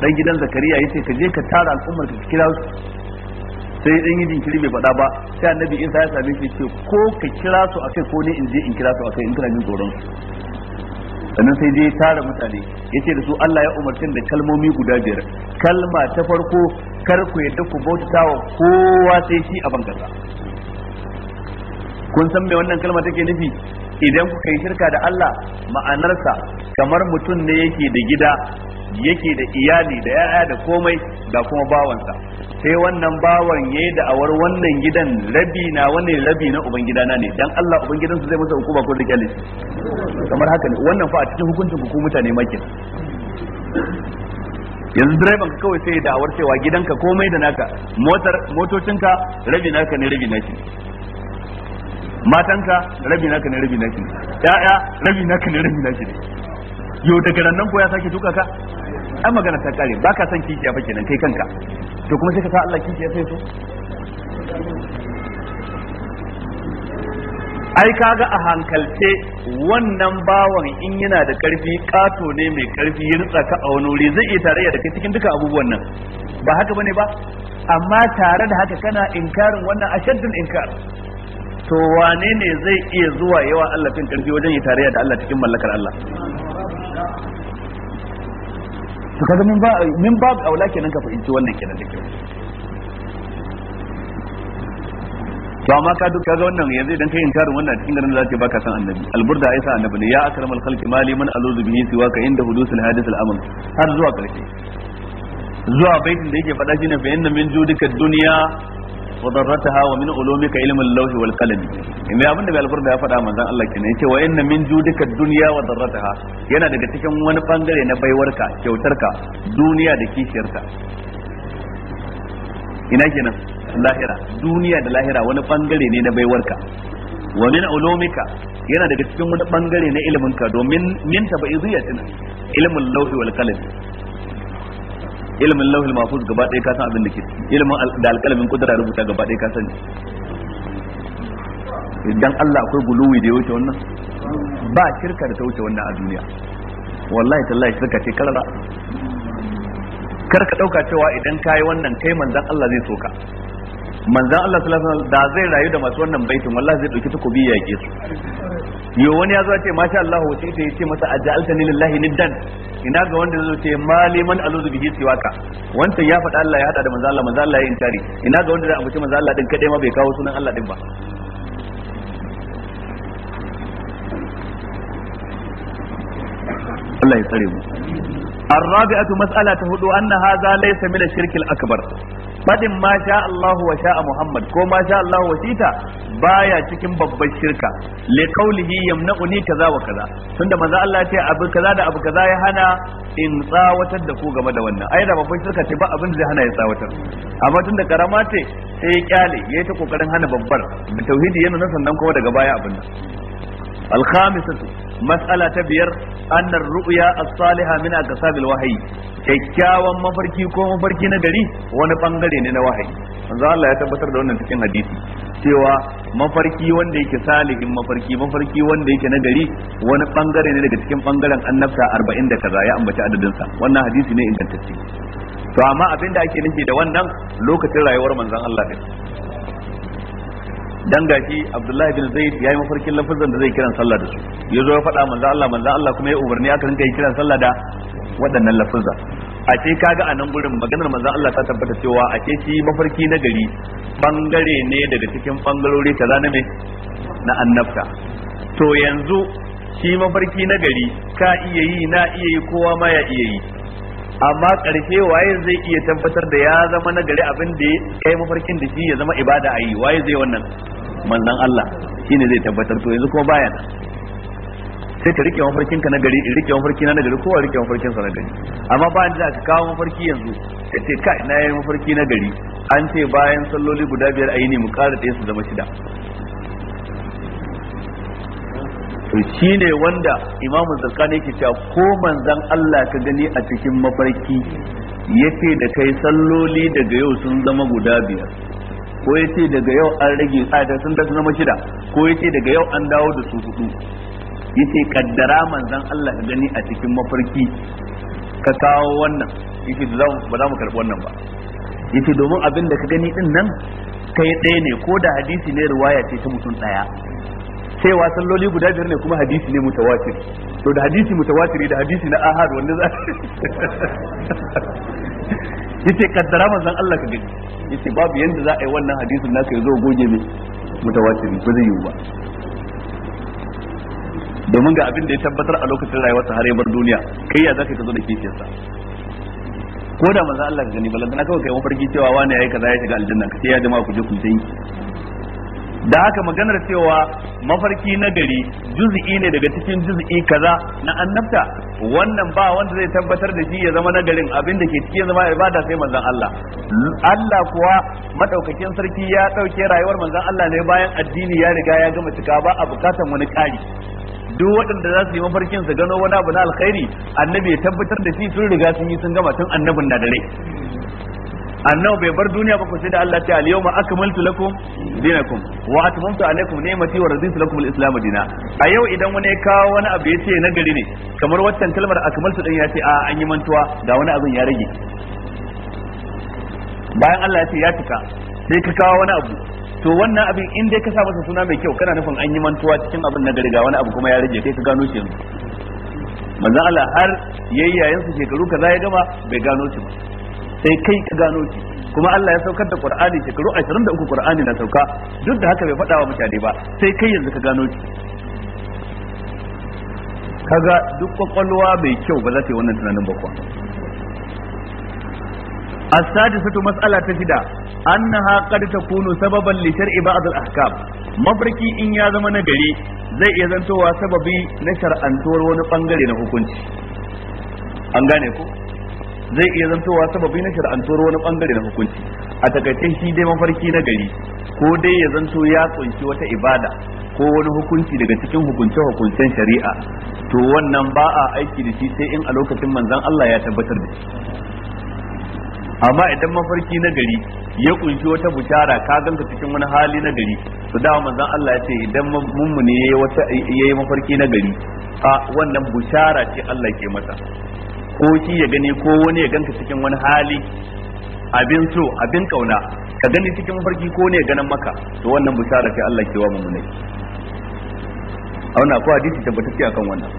dan gidan Zakariya yace ka je ka tara al'ummar ka kira su sai dan yi jinkiri bai faɗa ba sai annabi Isa ya same shi ce ko ka kira su akai ko ne in je in kira su akai in tana jin tsoron sannan sai je tara mutane yace da su Allah ya umarci da kalmomi guda biyar kalma ta farko kar ku yadda ku bautawa kowa sai shi a bankasa kun san me wannan kalma take nufi idan kuka yi shirka da Allah ma'anarsa kamar mutum ne yake da gida yake da iyali da ya'ya da komai da kuma bawansa sai wannan bawan yayi da awar wannan gidan rabi na wannan rabi na ubangidana ne dan Allah ubangidansa zai masa hukuma ko rike lishi kamar haka ne wannan fa a cikin hukuncin ku mutane maki yanzu direban ka kawai sai da awar cewa gidanka komai da naka motar motocinka rabi naka ne rabi naki matanka rabi naka ne rabi naki ya'ya rabi naka ne rabi naki yau daga nan ko ya sake duka ka ai magana ta kare ba ka san kikiya ba kenan kai kanka to kuma sai ka sa Allah kikiya sai so ai kaga a hankalce wannan bawan in yana da karfi kato ne mai karfi ya rutsa ka a wani wuri zai iya tarayya da kai cikin duka abubuwan nan ba haka bane ba amma tare da haka kana inkarin wannan ashaddul inkar to wane ne zai iya zuwa yawa Allah cikin karfi wajen ya tarayya da Allah cikin mallakar Allah to kaga min ba min ba aula kenan ka fahimci wannan kenan da kyau to amma ka duk kaga wannan yanzu idan kai inkarin wannan cikin garin zaka baka san annabi alburda da sa annabi ne ya akramal khalqi mali man aluzu bihi siwa ka inda hudusul hadith al amr har zuwa karshe zuwa baitin da yake faɗa shine fa inna min judika dunya wa darrataha wa min ulumika ilmul lawhi wal qalam inda abin da alqur'ani ya faɗa manzon Allah wa inna min judika dunya wa darrataha yana daga cikin wani bangare na baiwarka kyautarka duniya da kishiyarka ina kenan lahira duniya da lahira wani bangare ne na baiwarka wa min ulumika yana daga cikin wani bangare na ilminka, domin min tabaiziyatin ilmul lawhi wal qalam ilimin lauhul mahfuz gaba ɗaya ka san abin da ke ilimin da alƙalamin kudura rubuta gaba ɗaya ka san idan Allah akwai guluwi da ya wuce wannan ba shirka da ta wuce wannan a duniya wallahi tallahi shirka ce karara kar ka ɗauka cewa idan kai wannan kai manzan Allah zai soka manzan Allah sallallahu alaihi wasallam da zai rayu da masu wannan baitin wallahi zai dauki takobi ya ke su yo wani ya zo ce masha Allah wace ita yace masa aj'altani lillahi niddan ina ga wanda zai ce maliman aluzu bihi siwaka wanda ya faɗa Allah ya hada da manzan Allah manzan Allah ya intari ina ga wanda da ambaci manzan Allah din kadai ma bai kawo sunan Allah din ba Allah ya tsare mu الرابعة مسألة هدو أن هذا ليس من الشرك الأكبر فدم ما شاء الله وشاء محمد كو ما شاء الله وشيتا بايا تكن باب الشركة لقوله يمنعني كذا وكذا تند ماذا الله تي أبو كذا دا أبو كذا يهنا إن صاوتا دكو غما دا ونا أيضا باب الشركة تبا أبن زي هنا يصاوتا أما تند كراماتي sai kyale ya yi ta kokarin hana babbar da tauhidi yana nan sannan kuma daga baya abin الخامسة مسألة بير أن الرؤيا الصالحة من أقسام الوحي kyakkyawan mafarki ko mafarki na gari wani bangare ne na wahayi manzo Allah ya tabbatar da wannan cikin hadisi cewa mafarki wanda yake salihin mafarki mafarki wanda yake na gari wani bangare ne daga cikin bangaren annabta 40 da kaza ya ambaci adadin wannan hadisi ne ingantacce to amma abin da ake nufi da wannan lokacin rayuwar manzon Allah ne dan gashi Abdullahi bin Zaid yayi mafarkin lafazan da zai kiran sallah da su yazo ya faɗa manzo Allah manzo Allah kuma ya umarni aka rinka yi kiran sallah da waɗannan lafazan a ce kaga anan nan gurin maganar manzo Allah ta tabbata cewa a ce shi mafarki na gari bangare ne daga cikin bangarori ta na me na annabta to yanzu shi mafarki na gari ka iya yi na iya yi kowa ma ya iya yi amma ƙarshe waye zai iya tabbatar da ya zama na gari abin da ya yi mafarkin da shi ya zama ibada a yi waye zai wannan manzan Allah shine zai tabbatar to yanzu kuma baya sai ka rike mafarkinka na gari in rike mafarki na gari kowa rike mafarkin sa na gari amma ba da ka kawo mafarki yanzu ka ce kai na yi mafarki na gari an ce bayan salloli guda biyar a yi ne mu ƙara ɗaya su zama shida to shi ne wanda imamu zarkani ke cewa ko manzan Allah ka gani a cikin mafarki ce da kai salloli daga yau sun zama guda biyar ko yace daga yau an rage tsada sun da zama shida ko yace daga yau an dawo da su hudu yace kaddara manzan Allah ka gani a cikin mafarki ka kawo wannan yace ba za mu karɓi wannan ba yace domin abin da ka gani din nan kai ɗaya ne ko da hadisi ne ruwaya ce ta mutum ɗaya cewa salloli guda biyar ne kuma hadisi ne mutawatir to da hadisi mutawatir da hadisi na ahad wanda za (laughs) yace kaddara manzon Allah ka gani yace babu yanda za a yi wannan hadisin naka yazo goge ne mutawatir ba zai yiwu ba domin ga abin da ya tabbatar a lokacin rayuwarsa har ya bar duniya kai ya zaka zo da sa. ko da manzon Allah ka gani balantana kawai kai mafarki cewa wani yayi kaza ya shiga aljanna kai ya jama'a ku je ku yi da haka maganar cewa mafarki na gari ne daga cikin juzu'i kaza na annabta wannan ba wanda zai tabbatar da shi ya zama na garin abin da ke cikin zama ibada sai manzon Allah Allah kuwa madaukakin sarki ya dauke rayuwar manzon Allah ne bayan addini ya riga ya gama cika ba a bukatan wani kari duk waɗanda za su yi mafarkin su gano wani abu na alkhairi annabi ya tabbatar da shi sun riga sun yi sun gama tun annabin na da annabi bai bar duniya ba ku sai da Allah ta al ma akmaltu lakum dinakum wa atmamtu alaykum ni'mati wa raditu lakum al-islam dina a yau idan wani ya kawo wani abu ya na gari ne kamar wannan kalmar akmaltu din ce a an yi mantuwa ga wani abin ya rage bayan Allah ya ce ya tuka sai ka kawo wani abu to wannan abin in dai ka sa masa suna mai kyau kana nufin an yi mantuwa cikin abin na gari ga wani abu kuma ya rage kai ka gano shi yanzu manzon Allah har yayyayin su shekaru kaza ya gama bai gano shi ba sai kai ka gano shi kuma Allah ya saukar da Qur'ani shekaru 23 Qur'ani na sauka duk da haka bai faɗa wa mutane ba sai kai yanzu ka gano shi kaga duk kwakwalwa mai kyau ba za ta yi wannan tunanin ba kuwa السادسة مسألة تجدا أنها قد تكون سببا لشرع بعض الأحكام in ya zama na gari zai iya zantowa sababi na shar'antuwar wani bangare na hukunci an gane ku zai iya zantowa sababi na shar'antuwar wani bangare na hukunci a takaice shi dai mafarki na gari ko dai ya zanto ya kunshi wata ibada ko wani hukunci daga cikin hukunce hukuncen shari'a to wannan ba a aiki da shi sai in a lokacin manzan Allah ya tabbatar da shi amma idan mafarki na gari ya kunshi wata bushara ka ganka cikin wani hali na gari su dawa mazan Allah ya ce idan mummu ne ya yi mafarki na gari a wannan bushara ce Allah ke masa ko shi ya gani ko wani ya ganka cikin wani hali abin so abin kauna ka gani cikin mafarki ko ne ganin maka to wannan bishara kai Allah ke wa A auna ko hadisi tabbatacce akan wannan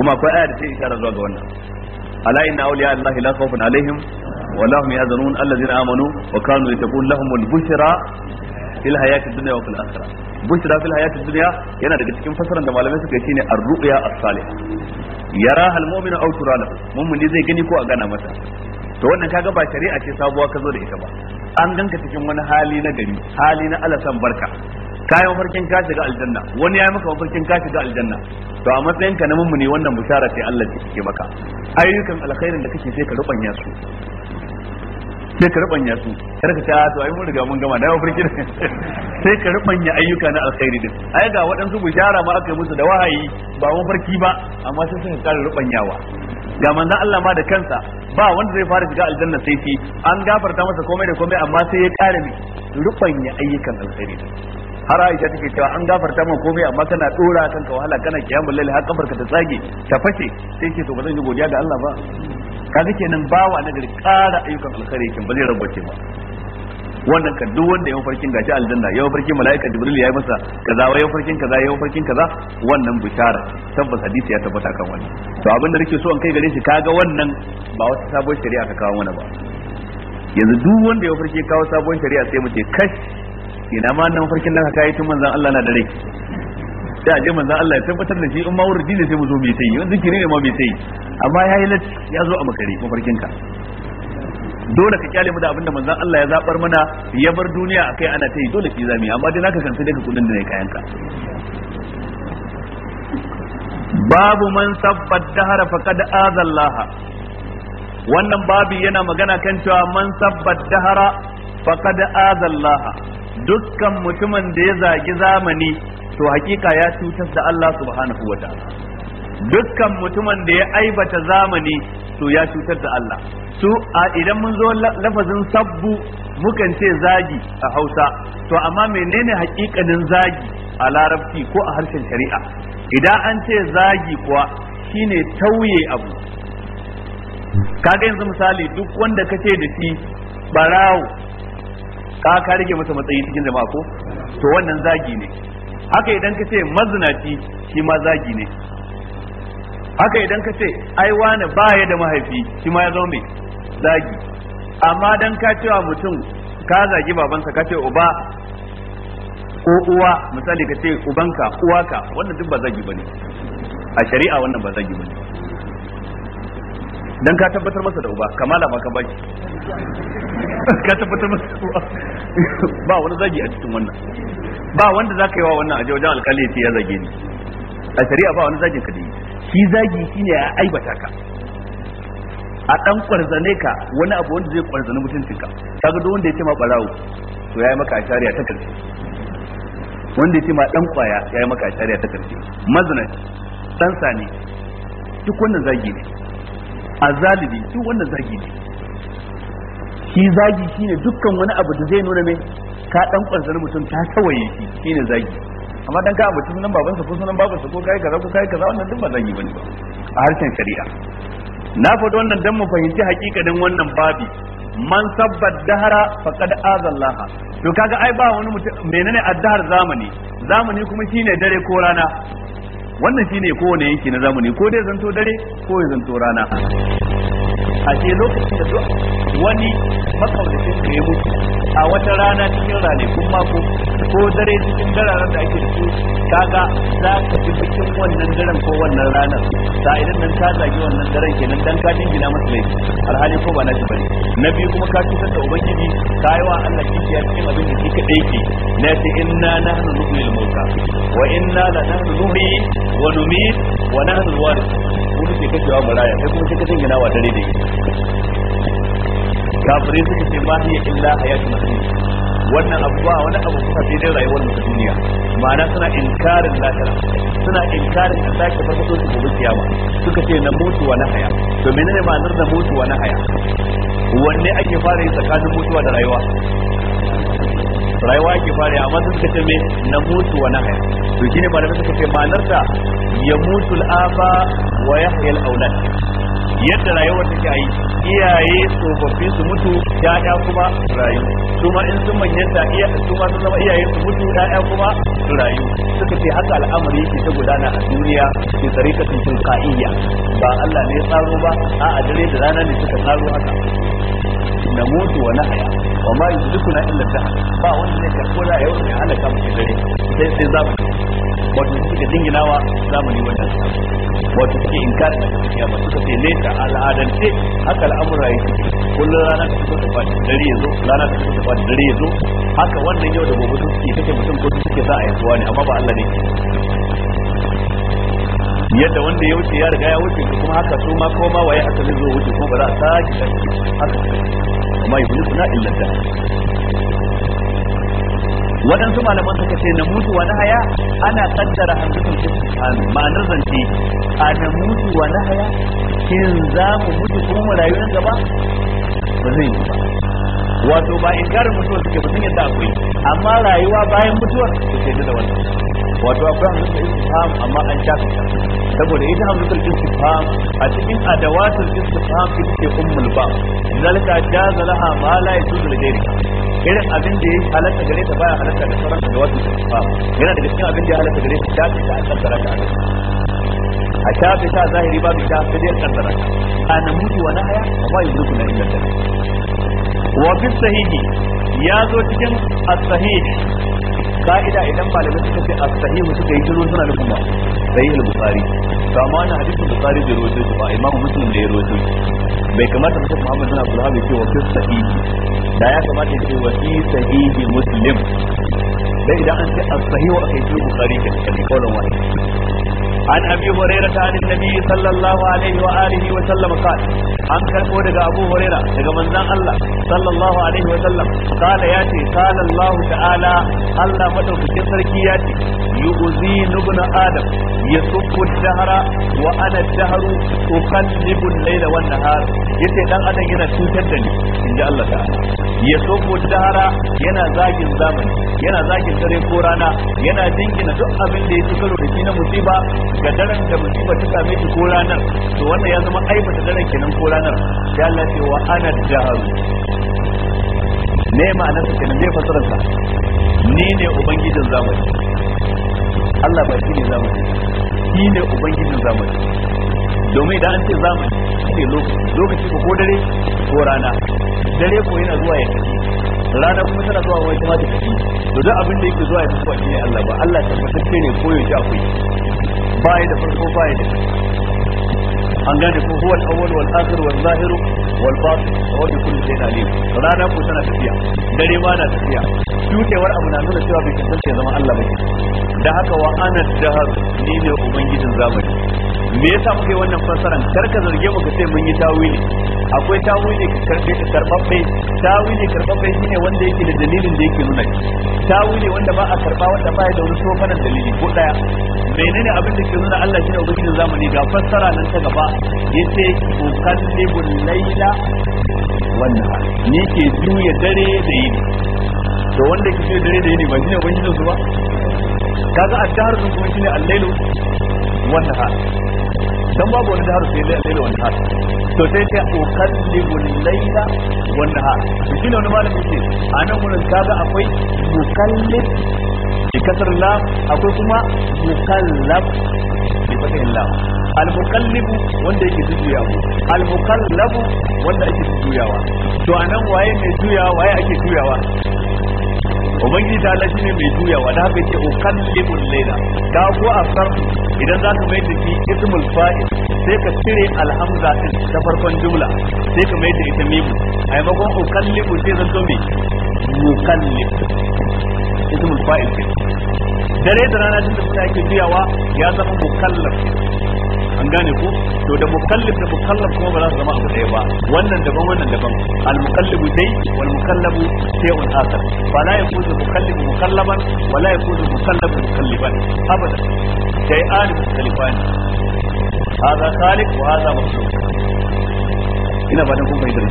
kuma akwai aya da ta isa zuwa ga wannan ala inna awliya Allah la khawfun alaihim wa lahum hum yahzanun amanu wa kanu yattaqun lahumul bushra fil hayatid dunya wa fil akhirah bushra fil hayatid dunya yana daga cikin fasaran da malamai suka yi shine ar-ru'ya as-salihah yara al mu'minu aw tura lahu mu'mini zai gani ko a gana masa to wannan kaga ba shari'a ce sabuwa ka zo da ita ba an ganka cikin wani hali na gari hali na alasan barka kayan farkin ka shiga aljanna wani ya maka farkin ka shiga aljanna to a matsayin ka na mummuni wannan bushara ce Allah ke maka ayyukan alkhairin da kake sai ka rubanya su sai ka rubanya su kar ka ce a ah, to ai mun riga mun gama na mafarki (laughs) sai ka rubanya ayyuka na alkhairi din ai ga waɗansu bishara ma aka yi musu da wahayi ba mafarki ba amma sai suka kare rubanyawa ga manzo Allah ma da kansa ba wanda zai fara shiga aljanna sai shi an gafarta masa komai da komai amma sai ya kare ni, rubanya ayyukan alkhairi din har Aisha take cewa an gafarta min komai amma kana dora kanka wahala kana kiyamul lail har kafarka ta tsage ta fashe sai ce to ba yi godiya ga Allah ba kaga kenan bawa na gari ƙara ayyukan alkhairi kin ba zai rabbace ba wannan ka duk wanda yi farkin gashi aljanna yawan farkin mala'ika jibril yayi masa kaza wa yi farkin kaza yi farkin kaza wannan bishara tabbas hadisi ya tabbata kan wannan to abin da nake so an kai gare shi kaga wannan ba wata sabon shari'a ka kawo mana ba yanzu duk wanda yi farkin kawo sabon shari'a sai mu ce kash ina ma nan farkin nan ka yi tun manzon Allah na da rai sai a je manzon Allah ya tabbatar da shi in ma wurdi ne sai mu zo mu yi wanda zikiri ne ma mu sai, amma yayi lat ya zo a makare mafarkin ka dole ka kyale mu da abinda manzon Allah ya zabar mana ya bar duniya akai ana ta yi dole ki yi amma dai naka kansa daga kudin da ne kayan ka babu man sabbat dahara faqad azallaha wannan babu yana magana kan cewa man sabbat dahara faqad azallaha dukkan mutumin da ya zagi zamani to hakika ya cutar da Allah subhanahu wa ta'ala dukkan mutumin da ya aibata zamani to ya cutar da Allah su a idan mun zo lafazin sabbu mukan ce zagi a Hausa to amma menene hakikanin zagi a larabci ko a harshen shari'a idan an ce zagi kuwa shine tauye abu kaga yanzu misali duk wanda kace da shi barawo ka ka rage masa matsayi cikin jama'a ko to wannan zagi ne haka idan ka ce mazinaci shi ma zagi ne haka idan ka ce ai wani baya da mahaifi shi ma ya zama mai zagi amma dan ka cewa mutum ka zagi babansa ka ce uba ko uwa misali ka ce ubanka uwaka wannan duk ba zagi bane a shari'a wannan ba zagi bane dan ka tabbatar masa da uba kamala ma ka baki ka tabbatar masa da uba ba wani zagi a cikin wannan ba wanda za ka yi wa wannan a wajen alkali ya ce ya zage ni a shari'a ba wani zagin ka da yi shi zagi shine ya aibata ka a dan kwarzane ka wani abu wanda zai kwarzane ka kaga duk wanda ya ce ma barawo to yayi maka shari'a ta karshe wanda ya ce ma dan kwaya yayi maka shari'a ta karshe mazna san sani duk wannan zagi ne azalibi duk wannan zagi ne shi zagi shine dukkan wani abu da zai nuna mai ka dan na mutum ta tawaye shi shine zagi amma dan ka tun nan babansa ko sunan babansa ko kai kaza ko kai kaza wannan duk ba zagi bane ba a harshen shari'a na faɗi wannan dan mu fahimci hakikanin wannan babi man sabbad dahara faqad azallaha to kaga ai ba wani mutum menene addahar zamani zamani kuma shine dare ko rana wannan shine kowane yanki na zamani ko dai zanto dare ko ya zanto rana a ce lokacin da wani makaunacin ka ya mutu a wata rana cikin ranakun mako ko dare cikin dararen da ake su kaga za ka ji bikin wannan daren ko wannan ranar ta idan nan ta zagi wannan daren kenan dan ka jingina masa ne, alhali ko ba na shi bane na biyu kuma ka cutar da ubangiji ka yi wa Allah kishiya cikin abin da kika daiki na ce inna nahnu nuhyil mauta wa inna la nahnu nuhyi wa numit wa nahnu alwarith mun ce kace wa maraya sai kuma kika jingina wa dare da kafirai suka ce ma hiya illa hayatun dunya wannan abu ba wani abu kuma sai dai rayuwar mu ta duniya ma'ana suna inkarin lahira suna inkarin da sake farko su gobe kiyama suka ce na mutu wa na haya to menene ma'anar da mutu wa na haya wanne ake fara yi tsakanin mutuwa da rayuwa rayuwa ke fare amma sun ce me na mutu wa na haya to shine malamai suka ce ma'anar ta ya mutu al'aba wa yahya al-aulad yadda rayuwar take yi iyaye tsofaffi su mutu ya'ya kuma rayu kuma in sun manyanta iya su ma sun zama iyaye su mutu ya'ya kuma su rayu suka ce haka al'amari yake ta gudana a duniya bi cikin ka'iyya ba Allah ne ya tsaro ba a a dare da rana ne suka tsaro haka na mutu wa nahya wa ma na illa dahr ba wanda zai ka kula yau ne halaka mu dare sai sai zamu wato suka dinginawa zamani wannan wato suke inkar ya ba suka ce ne ta al'adance haka al'amura yake kullum rana ta fito ta fadi dare yazo rana ta fito ta fadi dare yazo haka wannan yau da gobe suke take mutum ko suke za a yi kowa ne amma ba Allah ne yadda wanda ya wuce ya riga ya wuce kuma haka su ma kowa ma waye haka zo wuce kuma ba za a sake haka amma iblis na illata waɗansu malaman suka ce na mutu wa haya ana kaddara hamzatul istifham ma'anar zance a na mutu wa nahaya kin za mu mutu kuma mu gaba ba zai yi ba wato ba inkarin mutuwar suke ba sun yadda akwai amma rayuwa bayan mutuwar su ke da wannan wato akwai hamzatul istifham amma an shafe ta saboda ita hamzatul istifham a cikin adawatul istifham ita ce ummul ba zalika jaza laha ma la yusulu lidayka irin abin da ya halatta gare ta baya halatta da sauran adawatul istifham yana daga cikin abin da ya halatta gare ta shafe ta a kan a sha sha zahiri babu sha sai dai kaddara ana mutu wa nahaya wa zuku na illa dalil wa fi sahihi ya zo cikin as-sahih ka'ida idan malamai suka ce as-sahihu suka yi shiru suna nufin ba sahih al-bukhari to amma na hadisin bukhari da rawaito shi ba imam muslim da ya rawaito bai kamata mutum Muhammad bin Abdul bai ce wa fi sahihi da ya kamata ya ce wa fi sahihi muslim dai idan an ce as-sahihu kai shiru bukhari ke da kawalan wani عن أبي هريرة عن النبي صلى الله عليه وآله وسلم قال an karbo daga Abu Huraira daga manzan Allah sallallahu alaihi wa sallam kana ya ce Allah ta'ala Allah madaukakin sarki ce yuzi nubna adam yasubbu dahra wa ana dahru uqallibu al-layla an nahar yace dan adam yana cutar da ni inji Allah ta'ala yasubbu dahra yana zagin zamani yana zagin dare ko rana yana jinkina duk abin da yake karo da shi na musiba ga daren da musiba ta same shi ko ranar to wannan ya zama aibata daren kenan ko rana ranar sai Allah ce wa ana jahar ne ma'anar sa kenan zai fasarar sa ni ne ubangijin zamani Allah ba shi ne zamani shi ne ubangijin zamani domin idan an ce zamani shi ne lokaci ko dare ko rana dare ko yana zuwa ya tafi rana kuma tana zuwa wani kuma ta tafi to duk abin da yake zuwa ya tafi ne Allah ba Allah ta tabbatacce ne ko yaushe akwai baya da farko ya da an gane ko huwa al-awwal wal akhir wal zahir wal batin wa bi kulli shay'in alim rana ko tana tafiya dare ma na tafiya tutewar abu na nuna cewa bai kasance zama Allah ba da haka wa ana dahar ni ne ubangijin zamani me yasa muke wannan fassaran karka zarge mu ka mun yi tawili akwai tawili karbe ka karbabbe tawili karbabbe shine wanda yake da dalilin da yake nuna tawili wanda ba a karba wanda ba ya da wani sofanan dalili ko daya menene abin da ke nuna Allah shine ubangijin zamani ga fassara nan ta gaba yace ukallibul laila wannan ni ke juya dare da yini da wanda ke dare da yini ba shine ubangijin su ba kaga a sun kuma shine al-lailu wan nahar dan babu wani dahar sai al-lailu wan nahar to sai ta ukallibu al-laila wan nahar shine wani malami ce anan mun kaga akwai mukallib bi kasar la akwai kuma mukallab bi fatih la al-muqallibu wanda yake juyawa al-muqallabu wanda ake juyawa to anan waye mai juyawa waye ake juyawa ubangiji ta Allah ne mai juyawa da haka yake ukallibul laila ka ko asar idan zaka mai da fi ismul fa'il sai ka cire alhamza din ta farkon jumla sai ka mai da ita mimu a maimakon ukallibu sai zo mai yukallif Ismu fa'il ke dare da rana din da suka yake biyawa ya zama mukallaf an gane ku to da mukallif da mukallaf kuma ba za su zama abu daya ba wannan daban wannan daban al mukallabu dai wal mukallabu shay'un akhar fa la yakunu mukallabu mukallaban wa la yakunu mukallabu mukalliban abadan shay'an mukhtalifan هذا خالق وهذا مخلوق ina ba dan kuma bai da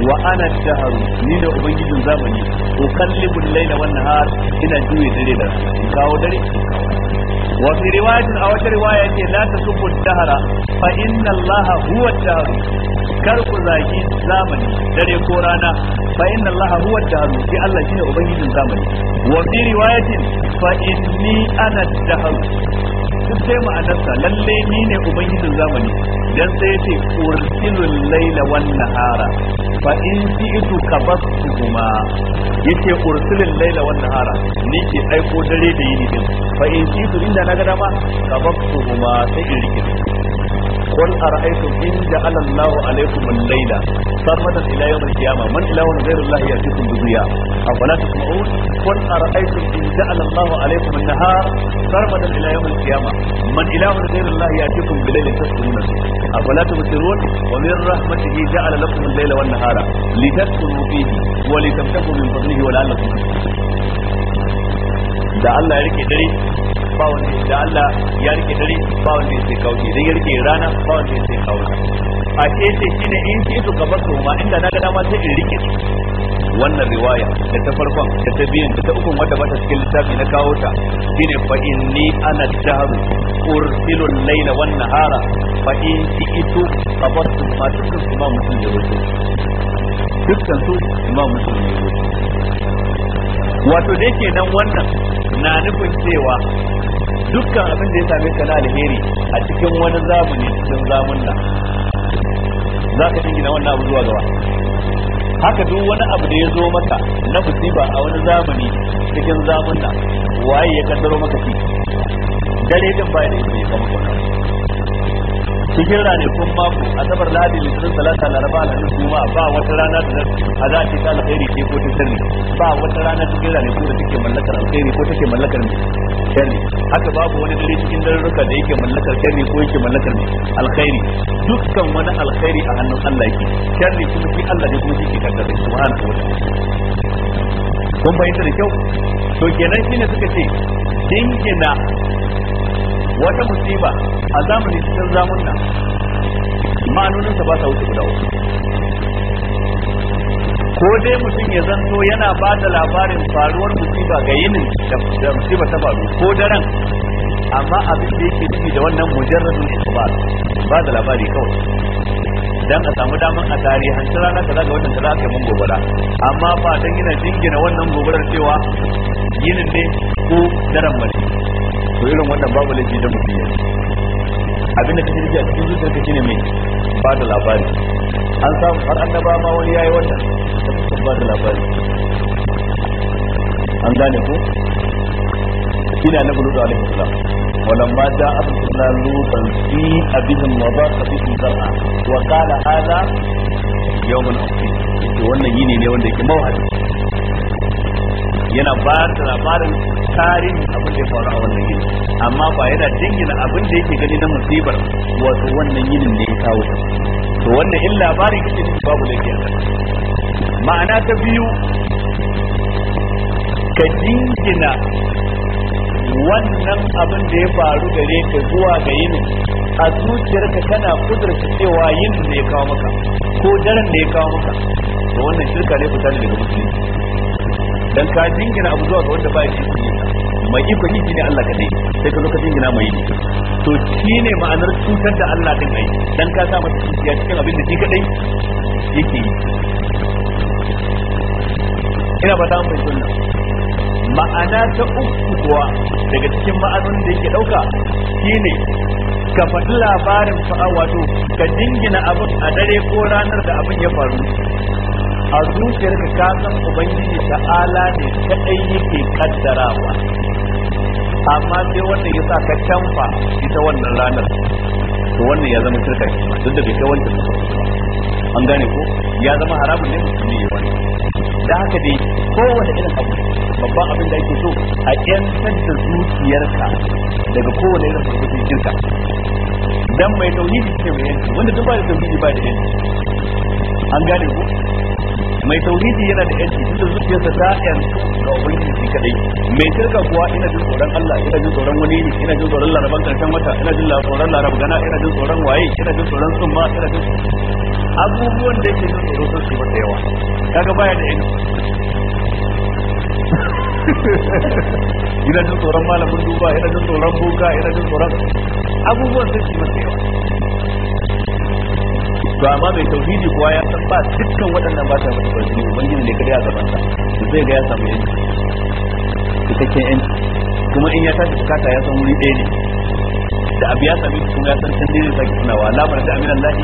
wa ana shaharu ni da ubangijin zamani ko kallibul laila wan nahar ina juye dare da in kawo dare wa fi riwayatin a wata riwaya ce la tasubbu dahara fa inna allaha huwa dahr kar ku zagi zamani dare ko rana fa inna allaha huwa dahr sai Allah shine ubangijin zamani wa fi riwayatin fa inni ana dahr duk sai ma'anarsa lalle ni ne ubangijin zamani dan sai yace ursilul laila wan nahara fa in shi'tu kabastuhuma yace ursilul laila wan nahara ni ke aiko dare da yini din fa in shi'tu inda na ga dama kabastuhuma sai in rike qul ara'aytum in ja'ala layla sarmatan ila yawm al man ilahun ghayru Allah yatikum bi-dhiya afala tasma'un qul ara'aytum in ja'ala Allahu alaykum nahar sarmatan ila yawm al-qiyamah man ilahun ghayru Allah yatikum bi-laylin taskunun afala tubsirun wa min rahmatihi ja'ala lakum layla wan min da Allah ya rike dare ba wanda da Allah ya rike dare ba wanda sai kauce idan ya rike rana ba wanda sai kauce a ce ce shine in ki su gaba su ma inda na ga dama sai in rike su wannan riwaya da ta farkon da ta biyan da ta ukun wadda bata cikin littafi na kawo ta shine fa inni ana dahru ursilu al-laila wan nahara fa in tikitu qabartu ma tukun imam muslim ya rubuta dukkan su imam muslim ya rubuta wato da yake nan wannan na nufin cewa dukkan abin da ya same ka na alheri a cikin wani zamani cikin zamun nan za ka dingina wannan abu zuwa gaba haka duk wani abu da ya zo maka na musiba a wani zamani cikin zamun nan waye ya kaddaro maka shi dare din bai da yake ya kama cikin ranakun mako asabar lahadi litinin talata laraba alhamis juma'a ba wata rana da a za a ce ta alkhairi ce ko ta sirri ba wata rana cikin kun da take mallakar alkhairi ko take mallakar sirri haka babu wani dare cikin darurruka da yake mallakar sirri ko yake mallakar alkhairi dukkan wani alkhairi a hannun Allah yake sirri kuma shi Allah ne kuma shi ke kaddara subhanahu wa ta'ala kun bayyana da kyau to kenan shine suka ce dingina wata musiba a zamani cikin zamun nan ma'anonin ba sa wuce guda uku ko dai mutum ya zanto yana ba da labarin faruwar musiba ga yinin da musiba ta faru ko daren amma abin da yake ciki da wannan mujarradun ikhbar ba da labari kawai dan a samu daman a tarihan rana kaza ga wannan kaza aka mun gobara amma ba dan yana jingina wannan gobarar cewa yinin ne ko daren mace ko irin wannan babu laifi da mutum ya abin da kake rike a cikin zuciyarka shine mai ba da labari an samu har annaba ma wani yayi wannan ta ba da labari an gane ko kina shine annabi lutu alaihi salam ولما جاء رسولنا لوطا سيء fi وضاق wa ذرعا وقال هذا يوم عصيب wannan yini ne wanda yake mawhadi yana ba ta labarin tarin abin da ya faru a wannan yini amma ba yana jingina abin da yake gani na musibar wato wannan yinin da ya kawo to wannan in labarin kake ji babu da yake ma'ana ta biyu ka dingina wannan abin da ya faru gare ka zuwa ga yinin a zuciyarka kana kudurta cewa yin da ya kawo maka ko daren da ya kawo maka to wannan shirka ne fitar daga musulunci dan ka jingina abu zuwa ga wanda ba shi yi mai iko yi ne Allah kadai sai ka zo ka jingina mai yi to shine ma'anar cutar da Allah din ai dan ka sa masa cuciya cikin abin da shi kadai yake yi ina ba ta mun sunna ma'ana ta uku kuwa daga cikin ma'anar da yake dauka shine ka faɗi labarin fa'a wato ka jingina abin a dare ko ranar da abin ya faru a zuciyarka ka san ubangiji ta'ala ne kadai yake kaddarawa amma sai wanda ya sa ka canfa ita wannan ranar to wannan ya zama shirka shi duk da bai kai wancan ba an gane ko ya zama haramun ne musulmi ya wani da haka dai kowane irin abu babban abin da ake so a yantar da zuciyarka daga kowane irin farfashin shirka dan mai tauhidi ce mai yanci wanda duk ba da tauhidi ba da yanci an gane ko mai tauhidi yana da yanci tunda zuciyarsa ta yanzu ga ubangiji shi kadai mai shirka kuwa ina jin tsoron Allah ina jin tsoron wani ne ina jin tsoron laraban karshen wata ina jin tsoron larab gana ina jin tsoron waye ina jin tsoron tsumma ina jin abubuwan da yake jin tsoro sun su da yawa kaga baya da yanci (laughs) ina jin tsoron malamin duba ina jin tsoron boka ina jin tsoron abubuwan su da yawa to amma mai tauhidi kuwa ya san ba dukkan waɗannan ba ta mutu ba su ubangiji ne kada ya gaban sa su zai ga ya samu yanci cikakken yanci kuma in ya tashi bukata ya san wuri ɗaya ne da abu ya sami kuma ya san can ta zai sake tunawa lamar da aminan lahi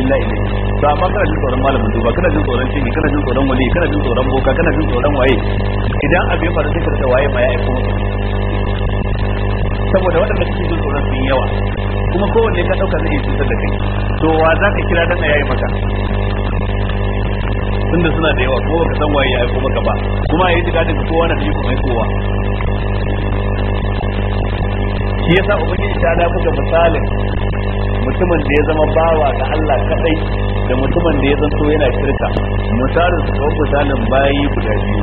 illa ilai to amma kana jin tsoron malamin duba kana jin tsoron cinye kana jin tsoron wani kana jin tsoron boka kana jin tsoron waye idan abu ya faru sai ka waye ma ya aiko maka saboda waɗanda suke jin tsoron sun yawa kuma kowanne ka ɗauka zai iya cutar da kai to wa za ka kira dan a yayi maka tunda suna da yawa kuma ka san waye ya aiko maka ba kuma yayi jiga ka kowa na da kuma aikowa shi yasa ubangiji ta da ga misalin mutumin da ya zama bawa ga Allah kadai da mutumin da ya zanto yana shirka misalin su kawo misalin bayi guda biyu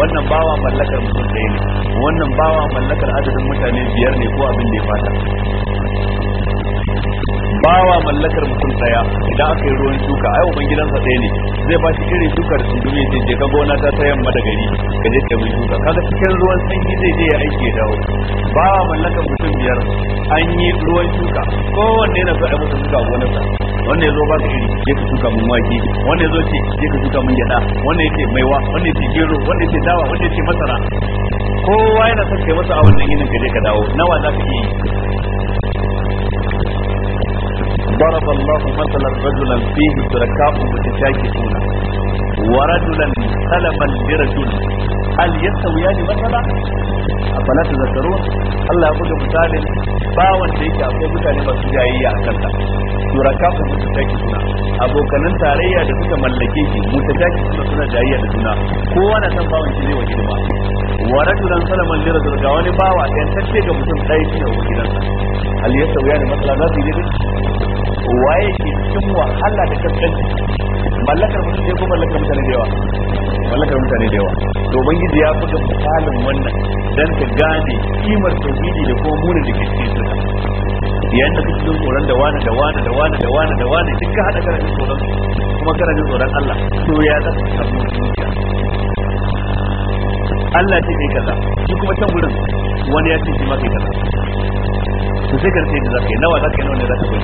wannan bawa mallakar mutum ɗaya ne wannan bawa mallakar adadin mutane biyar ne ko abin da ya fata bawa mallakar mutum daya idan aka yi ruwan shuka ai uban gidansa ɗaya ne zai ba shi irin shukar dubi ya je ka gona ta ta yamma gari ka je mun shuka kaga cikin ruwan sanyi zai je ya aiki ya dawo bawa mallakar mutum biyar an yi ruwan shuka kowanne yana so ai mutum shuka sa wanda ya ba ka iri je ka shuka mun wake wanda ya ce je ka shuka mun gyada wanda yake ce maiwa wanda yake ce gero wanda yake ce dawa wanda yake ce masara kowa yana son kai masa a wannan yinin ka je ka dawo nawa za ka iya yi ضرب الله مثلا رجلا فيه شركاء متشاكسون ورجلا سلما لرجل hal ne masala afala tazakkarun Allah ya buga misalin bawan da yake akwai mutane masu jayayya a kanta shuraka ku mutaki suna abokanan tarayya da suka mallake shi mutaki suna suna jayayya da suna kowa na san bawan shi ne wa girma wa rajulan salaman lira zurga wani bawa ɗayan tacce ga mutum ɗaya shi ne wa gidansa hal yastawiyani masala za su yi daidai waye ke cikin wahala da kaskanci mallakar mutum ne ko mallakar mutane da yawa mallakar mutane da yawa to ubangiji ya buga misalin wannan dan ka gane kimar tauhidi da kuma munin da ke cikin sa yayin da kake tsoron da wani da wani da wani da wani da wani duk ka hada kana tsoron kuma kana tsoron Allah to ya zaka samu Allah ce kai kaza shi kuma can gurin wani ya ce shi ma kaza to sai ka da zaka yi nawa zaka yi nawa ne zaka yi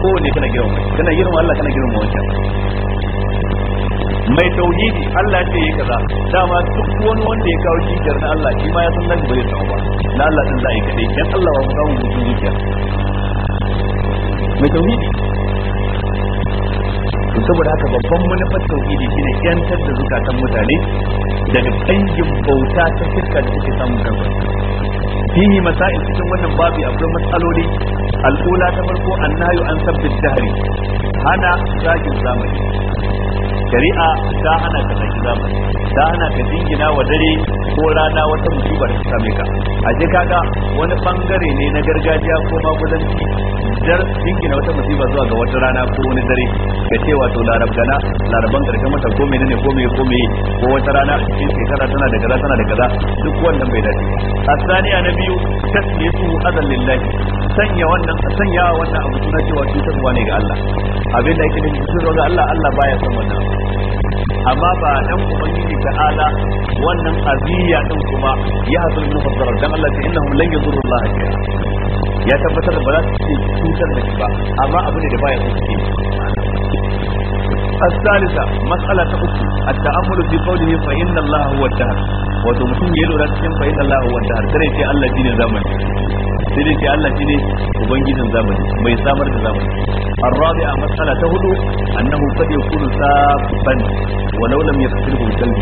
ko ne kana girma kana girma Allah kana girma wancan mai tauhidi Allah ce yi kaza dama duk wani wanda ya kawo jikar na Allah shi ma ya san nan ba zai ba na Allah din za a yi kadai dan Allah wa mu samu mutum mai tauhidi saboda haka babban manufar tauhidi shine yantar da zukatan mutane daga kangin bauta ta shirka da suke samun kansu fihi masail cikin wannan babu akwai matsaloli al'ula ta farko annayu an sabbin jahari hana zagin zamani shari'a ta hana ka zagi zamani ta hana ka jingina wa dare ko rana wata musibar ta same ka a kaga wani bangare ne na gargajiya ko magudanci jar jingina wata musiba zuwa ga wata rana ko wani dare ka ce wato larabgana laraban karshen mata ko menene ko mai ko mai ko wata rana cikin shekara tana da kaza tana da kaza duk wannan bai dace a asaniya na biyu su adan lillahi sanya wannan sanya wannan abu suna cewa cutarwa ne ga Allah abin da yake nufi cutarwa ga Allah Allah baya son wannan amma ba dan ubangiji ala wannan aziya din kuma ya hasul min fadara dan Allah ta innahum lan yadurru Allah shay'a ya tabbatar ba za su ce cutar da shi ba amma abu ne da ba ya baya kuske الثالثة مسألة أخرى bi في قوله فإن الله هو الدهر wato mutum ya lura cikin fa'in Allah wa ta harkar ce Allah shine zamani sai dai sai Allah ne ubangijin zamani mai samar da zamani ta hudu annahu أنه قد safan wa law lam يفكره qalbi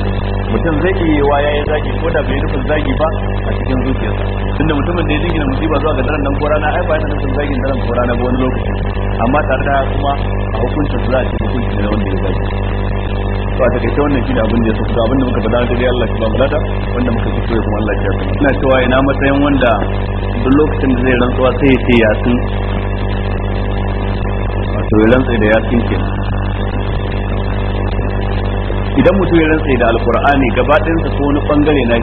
mutum zai iya yi wa ya zagi ko da bai nufin zagi ba a cikin zuciyarsa tunda mutumin da ya jingina musiba zuwa ga daren nan ko rana ai ba yana nufin zagin daren ko rana ba wani lokaci amma tare da kuma a hukuncin za a ci hukunci na wanda ya zagi to a takaice wannan shine abin da ya sauka abin da muka faɗa da Allah ya ba mu wanda muka fito ya kuma Allah ya yarda ina cewa ina matsayin wanda duk lokacin da zai rantsuwa sai ya ce yasin wato ya rantsa da yasin kenan idan mutum ya rantsa da alkur'ani gabaɗinsa ko wani bangare na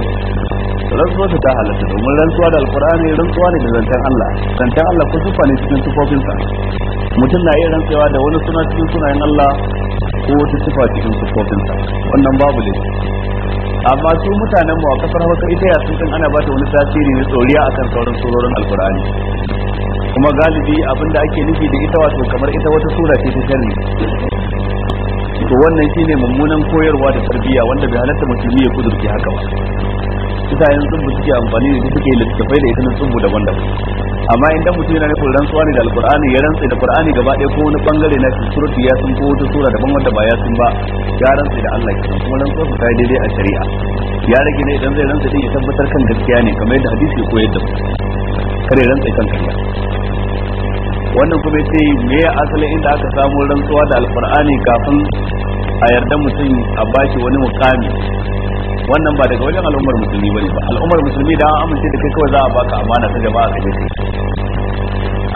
rantsuwa ta halatta domin rantsuwa da alkur'ani rantsuwa ne da zancen Allah zancen Allah ko sufa ne cikin sufofinsa mutum na iya rantsuwa da wani suna cikin sunayen Allah ko wata sufa cikin sufofinsa wannan babu ne amma su mutanen mu a kasar hausa ita ya sun ana ba ta wani tasiri na tsoriya akan sauran surorin alkur'ani kuma galibi abin da ake nufi da ita wato kamar ita wata sura ce ta sharri to wannan shine mummunan koyarwa da tarbiyya wanda bai halatta mutum ya kudurke haka ba ita yin tsumbu suke amfani da suke littattafai da ita na tsumbu daban-daban amma idan mutum yana nufin rantsuwa ne da alkur'ani ya rantsa da al'kur'ani gaba ɗaya ko wani bangare na surutu ya sun ko wata sura daban wanda ba ya sun ba ya rantsa da Allah kenan kuma rantsuwa su ta daidai a shari'a ya rage ne idan zai rantsa din ya tabbatar kan gaskiya ne kamar yadda hadisi ko yadda kare rantsa kan kariya wannan kuma ce me ya asalin inda aka samu rantsuwa da alkur'ani kafin a yarda mutum a bashi wani mukami wannan ba daga wajen al'ummar musulmi bane ba al'ummar musulmi da an amince da kai kawai za a baka amana ta jama'a ka dace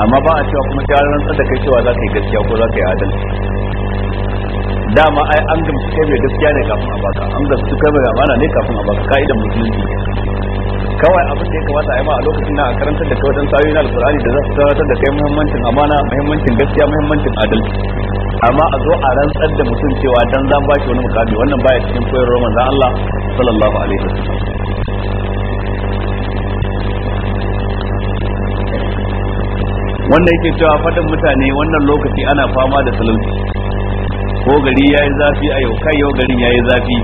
amma ba a cewa kuma jaran rantsar da kai cewa za ka yi gaskiya ko za ka yi adalci dama ai an gamsu kai mai gaskiya ne kafin a baka an gamsu kai mai amana ne kafin a baka ka'idan musulunci kawai abin da ya kamata a yi ma a lokacin na a karantar da kawai don sayoyin na alkur'ani da za su karantar da kai muhimmancin amana muhimmancin gaskiya muhimmancin adalci amma a zo a rantsar da mutum cewa dan zan ba shi wani mukami wannan baya cikin koyarwar manzon Allah sallallahu alaihi wasallam wannan yake cewa fadin mutane wannan lokaci ana fama da talauci ko gari ya yi zafi a yau kai yau garin ya yi zafi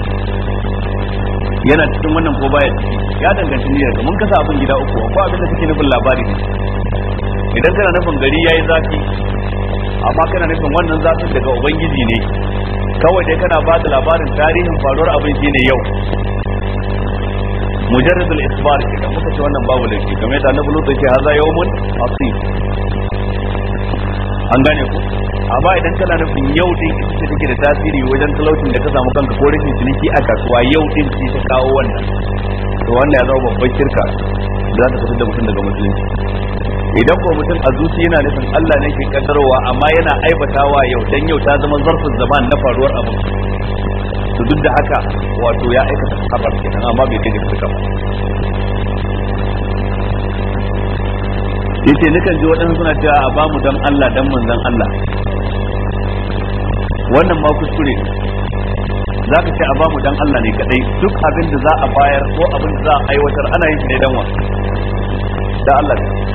yana cikin wannan ko baya ciki ya danganci daga mun kasa abin gida uku ko abin da kake nufin labari ne idan kana nufin gari ya yi zafi amma kana nufin wannan zafin daga ubangiji ne kawai dai kana ba da labarin tarihin faruwar abin ne yau mujarrad al-isbar kuma muka ce wannan babu laifi kamar yadda annabi lutu yake haza yawmun asif an gane ku amma idan kana nufin yau din ita ce take da tasiri wajen talaucin da ka samu kanka ko rashin ciniki a kasuwa yau din ki ta kawo wannan to wannan ya zama babban shirka za ta fitar da mutum daga musulunci idan ko mutum a zuci yana nufin Allah ne ke kaddarwa amma yana aibatawa yau dan yau ta zama zarfin zaman na faruwar abu to duk da haka wato ya aikata haɓar kenan amma bai kai da ba yace nikan ji wadannan suna cewa a ba mu dan Allah dan manzon Allah wannan ma kuskure za ka ce a ba dan Allah ne kadai duk abin da za a bayar ko abin da za a aiwatar ana yin shi ne dan wa da Allah ne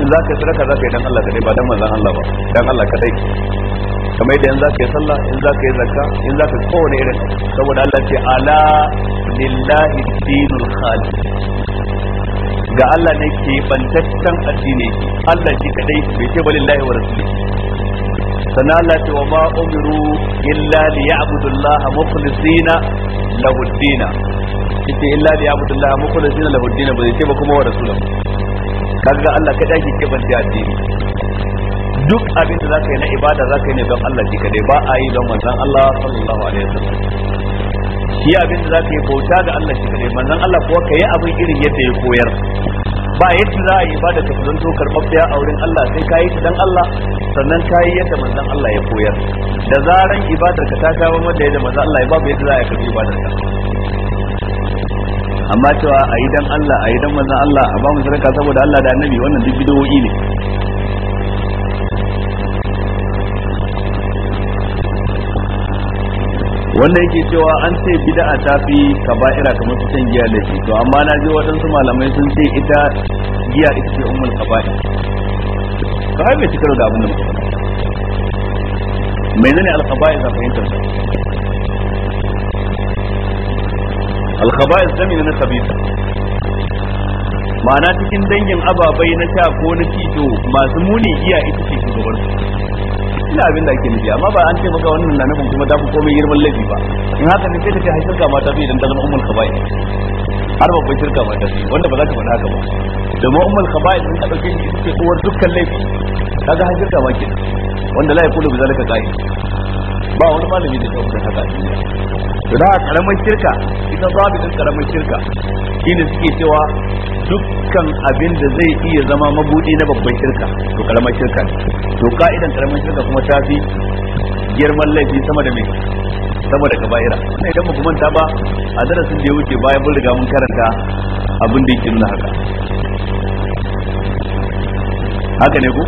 in za ka yi sadaka za ka yi dan Allah kadai ba dan manzon Allah ba dan Allah kadai kamar yadda in za ka yi sallah in za ka yi zakka in za ka kowane irin saboda Allah ce ala lillahi dinul khali ga Allah ne ke bantaccen addini Allah shi kadai bai ce lillahi wa rasulihi sannan Allah ce wa ma umiru illa li ya'budu Allah mukhlisina lahu dinna din illa li ya'budu Allah mukhlisina lahu dinna bai ce ba kuma wa rasulahu kaga Allah ka dake kiban da addini duk abin da zaka yi na ibada zaka yi ne don Allah shi kadai ba a yi don manzon Allah sallallahu alaihi wasallam shi abin da zaka yi bauta ga Allah shi kadai manzon Allah kuwa ka yi abin irin yadda ya koyar ba yadda za a yi ibada ka dokar karɓaɓɓiya a wurin Allah sai ka yi ta dan Allah sannan ka yi yadda manzon Allah ya koyar da zaran ibadar ka ta kawo mata yadda manzon Allah ya babu yadda za a yi ibadar ka amma cewa a yi dan Allah a yi dan manzan Allah a ba mu sadaka saboda Allah da annabi wannan duk bidowoyi ne wanda yake cewa an ce bid'a ta fi kaba'ira kamar su shan giya da shi to amma na ji waɗansu malamai sun ce ita giya ita ce ummul kaba'ir ka ai me cikar da abin nan menene al-kaba'ir a fahimtar sa alkhaba'is khabais jami'i na khabith ma'ana cikin dangin ababai na sha ko na cito masu muni iya ita ce gaban su ina abin da ake nufi amma ba an ce maka wannan na nufin kuma tafi komai girman laifi ba in haka ne sai ka ce har shirka mata fi idan ta zama ummul khaba'is har babban shirka mata fi wanda ba za ka faɗa haka ba domin umar khaba'is sun ka dauke shi ita ce uwar dukkan laifi kaga har shirka ma kenan wanda la yaqulu bi zalika qa'id ba wani malami da ya faɗa haka a duniya za a karamar shirka ita zabitin karamar shirka shine suke cewa dukkan abin da zai iya zama mabudi na babban shirka to karamar shirka to ka'idan karamar shirka kuma ta fi girman laifi sama da mai sama da kaba'ira wannan idan muku manta ba a darasin da ya wuce bayan mun riga mun karanta abin da yake nuna haka haka ne ku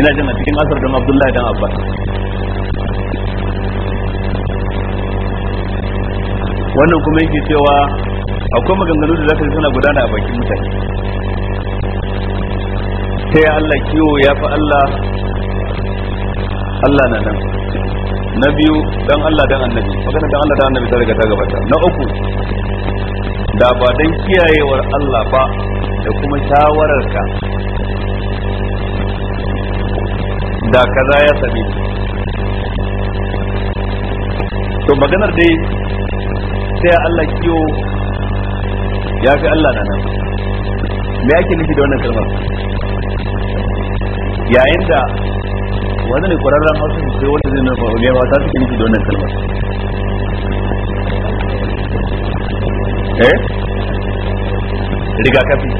ina jin a cikin asar don abdullahi dan abbas wannan kuma yake cewa akwai maganganu da zaka ji suna gudana a bakin mutane ta ya Allah kiwo ya fi Allah Allah na nan na biyu dan Allah dan annabi magana dan Allah dan annabi ta riga ta gabata na uku da ba dan kiyayewar Allah ba da kuma ka da kaza ya sami to maganar dai taya Allah kiyo ya fi Allah na nan me ake nufi da wannan kalmar yayin da wani ne kwararren hausa ne sai wanda zai nufa ne ba ta suke nufi da wannan kalmar eh rigakafi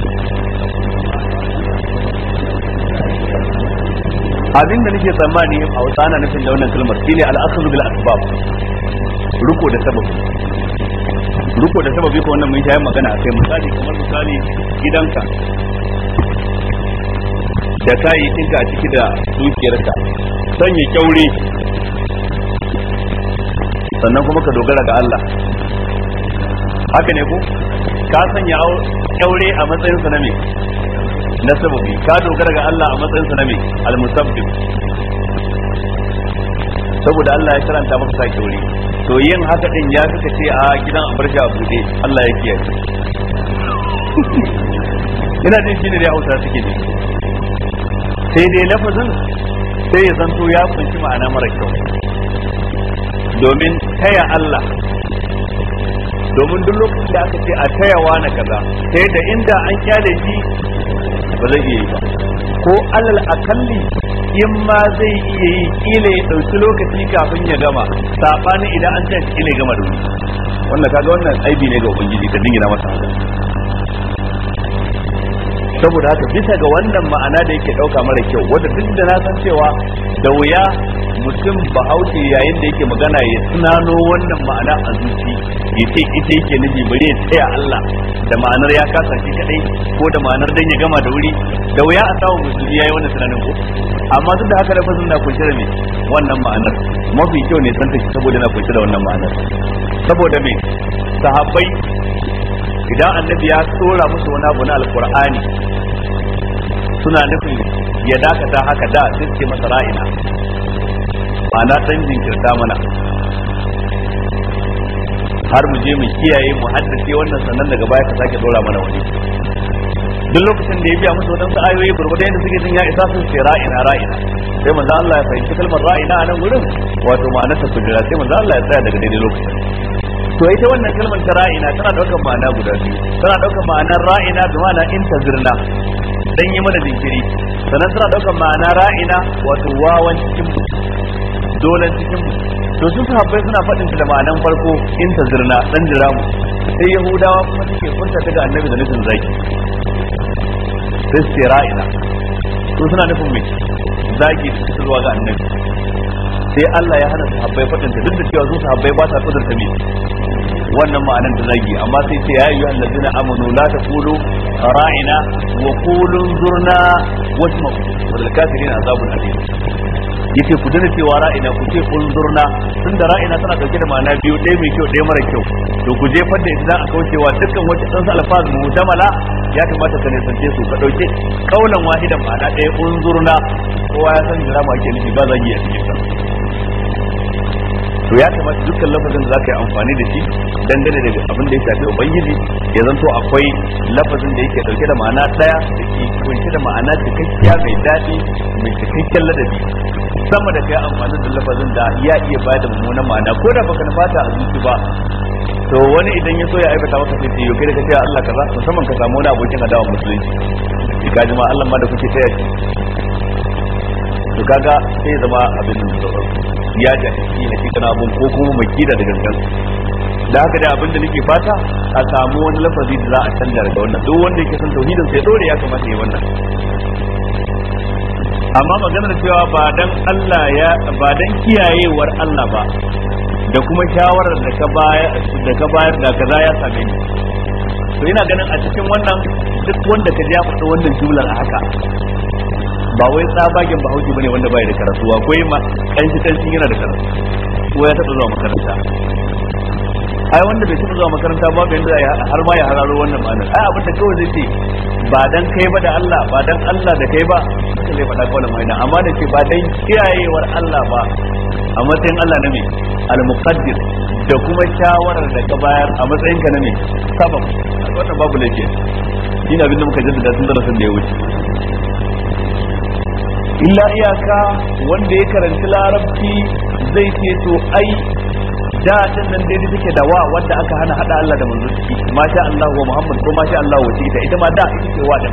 abin da nake tsammani a wasana nufin da wannan kalmar shine al'akhadhu bil asbab ruko da sababi riko da sababi ko wannan mun yi magana a kai misali kamar misali gidanka da in ka ciki da dukiyarka sanya kyaure sannan kuma ka dogara ga Allah haka ne ko ka sanya kyaure a matsayin sa na me na sababi ka dogara ga Allah a matsayin sa na me al-musabbib saboda Allah ya karanta maka sake wuri to yin haka din ya suka ce a gidan a a bude Allah ya kiyaye (laughs) ina jin shi ne da Hausa suke ji sai dai lafazin sai ya zanto ya kunshi ma'ana mara kyau domin taya Allah domin duk lokacin da aka ce a tayawa na kaza sai da inda an kyale shi ba zai iya yi ba ko alal akalli in ma zai iya yi kila ya ɗauki lokaci kafin ya gama saɓanin idan an tashi kila ya gama da wuri wannan kaga wannan aibi ne ga ubangiji ka dingina masa saboda haka bisa ga wannan ma'ana da yake dauka mara kyau wanda duk da na san cewa da wuya mutum bahaushe yayin da yake magana ya tunano wannan ma'ana a zuci ya ce ita yake nufi bari ya tsaya Allah da ma'anar ya kasa shi kadai ko da ma'anar dan ya gama da wuri da wuya a samu musulmi yayi wannan tunanin ko amma duk da haka da lafazin na kunshi da me wannan ma'anar mafi kyau ne san ta saboda na kunshi da wannan ma'anar saboda me sahabbai idan annabi ya tsora musu wani abu na alkur'ani suna nufin ya dakata haka da sun ce masa ra'ina ba na san jinkirta mana har mu je mu kiyaye mu haddace wannan sannan daga baya ka sake dora mana wani duk lokacin da ya biya musu wadansu ayoyi gurgurda yadda suke jin ya isa sun ce ra'ina ra'ina sai manzo Allah ya fahimci kalmar ra'ina a nan gurin wato ma'anarsa kujira sai manzo Allah ya tsaya daga daidai lokacin to ita wannan kalmar ta ra'ina tana daukar ma'ana guda biyu tana daukar ma'anar ra'ina da ma'ana intazirna dan yi mana jinkiri sannan tana daukar ma'ana ra'ina wato wawan cikin mu dolan cikin mu to sun sahabbai suna faɗin da ma'anan farko intazirna dan jira mu sai yahudawa kuma suke furta daga annabi da nufin zaki sai ra'ina to suna nufin mai zaki su zuwa ga annabi sai Allah ya hana habbai faɗin ta duk da cewa su habbai ba ta kudurta me wannan ma'anar ta zagi amma sai ce ya yi zina amanu la kulu ra'ina wa kulun zurna wasma'u wa lil kafirin azabun alim ce ku dana cewa ra'ina ku ce unzurna da ra'ina tana dauke da ma'ana biyu ɗaya mai kyau ɗaya mara kyau to ku je fadda ita za a kaucewa dukkan wata san alfahar mu jamala ya kamata ka nisance su ka ɗauke kaunan wahidan ma'ana ɗaya unzurna kowa ya san jira ma ake nufi ba zagi a cikin to ya kamata dukkan lafazin da za ka yi amfani da shi dangane da abin da ya shafi ubangiji ya zanto akwai lafazin da yake dauke da ma'ana daya da ke kunshe da ma'ana cikakkiya mai daɗi mai cikakken ladabi sama da ka kai amfani da lafazin da ya iya bayar da mummunan ma'ana ko da baka fata a zuci ba to wani idan ya so ya aikata maka sai ce kai da kace Allah kaza musamman ka samu wani abokin adawa musulunci ka ma Allah ma da kuke taya to kaga sai zama abin da sauran ya ta shi na kana abin ko kuma mai kida da gangan da haka da abin da nake fata a samu wani lafazi da za a canza daga wannan duk wanda yake son tauhidin sai dole ya kamata ya wannan amma maganar cewa ba dan Allah ya ba dan kiyayewar Allah ba da kuma shawarar da ka bayar da ka bayar da kaza ya same ni to ina ganin a cikin wannan duk wanda ka ji ya faɗi wannan jumlar a haka ba wai tsabagen ba hauki bane wanda bai da karatu akwai ma kanshi kanshi yana da karatu ko ya taɓa zuwa makaranta ai wanda bai taɓa zuwa makaranta ba bai da har ma ya hararo wannan ma'anar ai abin da kawai zai ce ba dan kai ba da Allah ba dan Allah da kai ba sai zai faɗa kawai mai amma da ce ba dan kiyayewar Allah ba a matsayin Allah na me al-muqaddir da kuma shawarar da ka bayar a matsayin ka na me sabab wannan babu laifi ina abin da muka jaddada sun darasin da ya wuce illa iyaka wanda ya karanci larabci zai ce to ai da din nan dai take da wa wanda aka hana hada Allah da manzo ciki masha Allah wa Muhammad ko masha Allah wa ita ita ma da ita ce wa da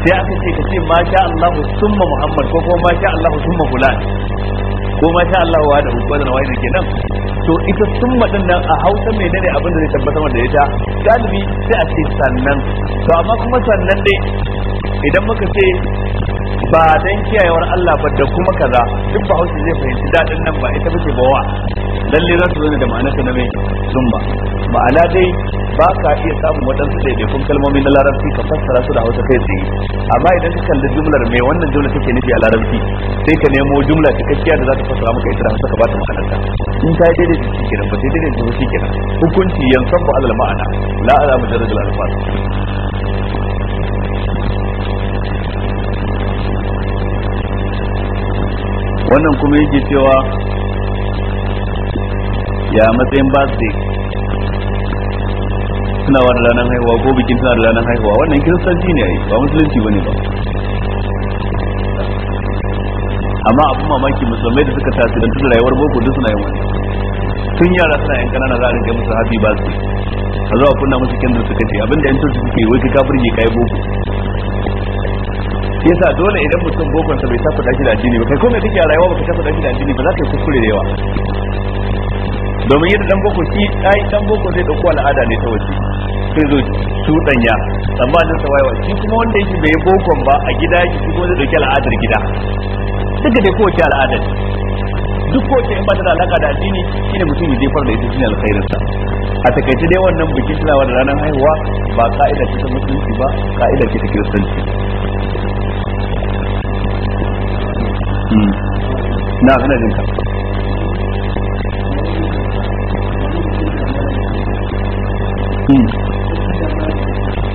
sai aka ce ka ce masha Allah summa Muhammad ko kuma masha Allah summa fulan ko masha Allah wa da ko da wai kenan to ita summa din nan a Hausa mai ne abin da zai tabbatar da ita galibi sai a ce sannan to amma kuma sannan dai idan muka ce ba dan kiyayewar Allah ba da kuma kaza duk ba hausa zai fahimci dadin nan ba ita bace ba wa lalle za su zana da ma'anarsa na mai zumba ma'ana dai ba ka iya samun waɗansu daidaikun kalmomi na larabci ka fassara su da hausa kai tsaye amma idan ka kalli jumlar mai wannan jumla take nufi a larabci sai ka nemo jumla cikakkiya da za ta fassara maka ita da hausa ka ba ta ma'anarta in ta yi daidai da shi ba sai daidai da shi kenan hukunci yan ba alal ma'ana la mujarrad al alfas wannan kuma yake cewa ya matsayin birthday tunawa da ranar haihuwa ko bikin tunawa da ranar haihuwa wannan kiristanci ne ai ba musulunci bane ba amma abin mamaki musulmai da suka tasirantu da tuzu rayuwar boko duk suna yin wani tun yara suna yin kanana za a rinke musu happy birthday a zuwa kunna musu kendir suka ce abinda yan turci suke wai ka kafirge kai boko yasa dole idan mutum bokon sa bai saka daki da addini ba kai ko me kake a rayuwa baka saka daki da addini ba za ka yi kuskure da yawa domin yadda dan boko shi dai dan boko zai dauko al'ada ne ta waje sai zo cuɗanya amma nan sa wayewa shi kuma wanda yake bai bokon ba a gida shi kuma zai dauki al'adar gida duka dai kowace al'adar duk kowace in ba ta da alaka da addini shine mutum ya jefar da ita alkhairin sa a takaice dai wannan bikin tunawa da ranar haihuwa ba ka'ida ce ta musulunci ba ka'ida ce ta kiristanci na hmm.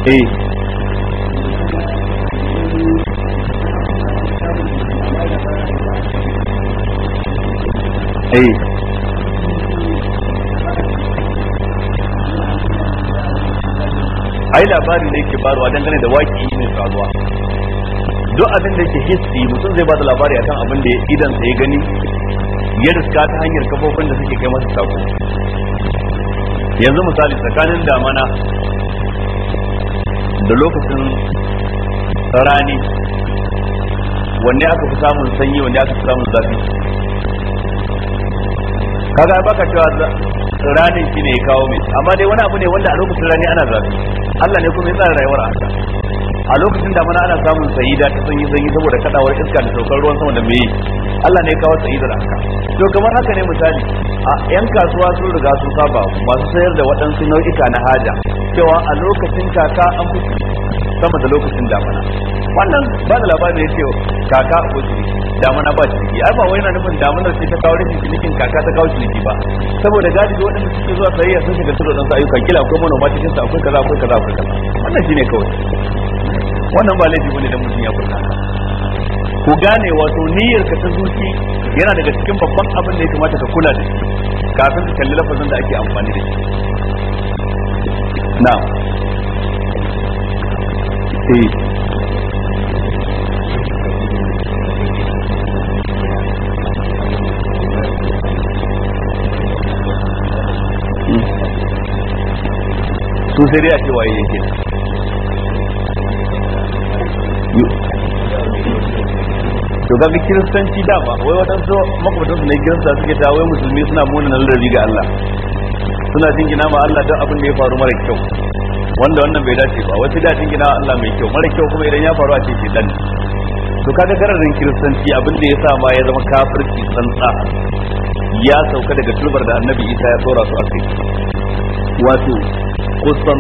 eh. Eh. ai labari ne ke faruwa dangane da waki mai faruwa duk abin da yake hissi mutum zai ba da labari akan abin da idan sai ya gani ya riska ta hanyar kafofin da suke kai masa sako yanzu misali tsakanin damana da lokacin rani wanne aka fi samun sanyi wanne aka fi samun zafi kaga baka cewa ranin shi ne ya kawo mai amma dai wani abu ne wanda a lokacin rani ana zafi Allah ne kuma ya tsara rayuwar haka a lokacin damuna ana samun sayida ta sanyi sanyi saboda kadawar iska da saukar ruwan sama da meye Allah ne kawo da haka to kamar haka ne misali a yan kasuwa sun riga sun saba masu sayar da waɗansu nau'ika na haja cewa a lokacin kaka an fi sama da lokacin damuna wannan ba da labarin ne ce kaka a kusurki damuna ba ciki ai ba wai yana nufin damunar ce ta kawo rikici cikin kaka ta kawo ciki ba saboda da waɗanda suke zuwa sayayya sun shiga tudu ɗansu ayyukan kila akwai manoma cikin sa akwai kaza akwai kaza akwai kaza wannan shine kawai wannan ba laifi bane da mutum ya furta ku gane wato niyyar ka ta zuci yana daga cikin babban abin da ya kamata ka kula da shi kafin ka kalli lafazin da ake amfani da shi na eh hmm. to sai dai a ce waye yake to ga kiristanci dama wai waɗansu su ne kirista suke ta wai musulmi suna muna na ladabi ga Allah suna jingina ma Allah don abin da ya faru mara kyau wanda wannan bai dace ba wasu da jingina Allah mai kyau mara kyau kuma idan ya faru a ce dan to kaga gararin kiristanci abin da ya sa ma ya zama kafirci tsantsa ya sauka daga tulbar da annabi isa ya tsora su a kai wato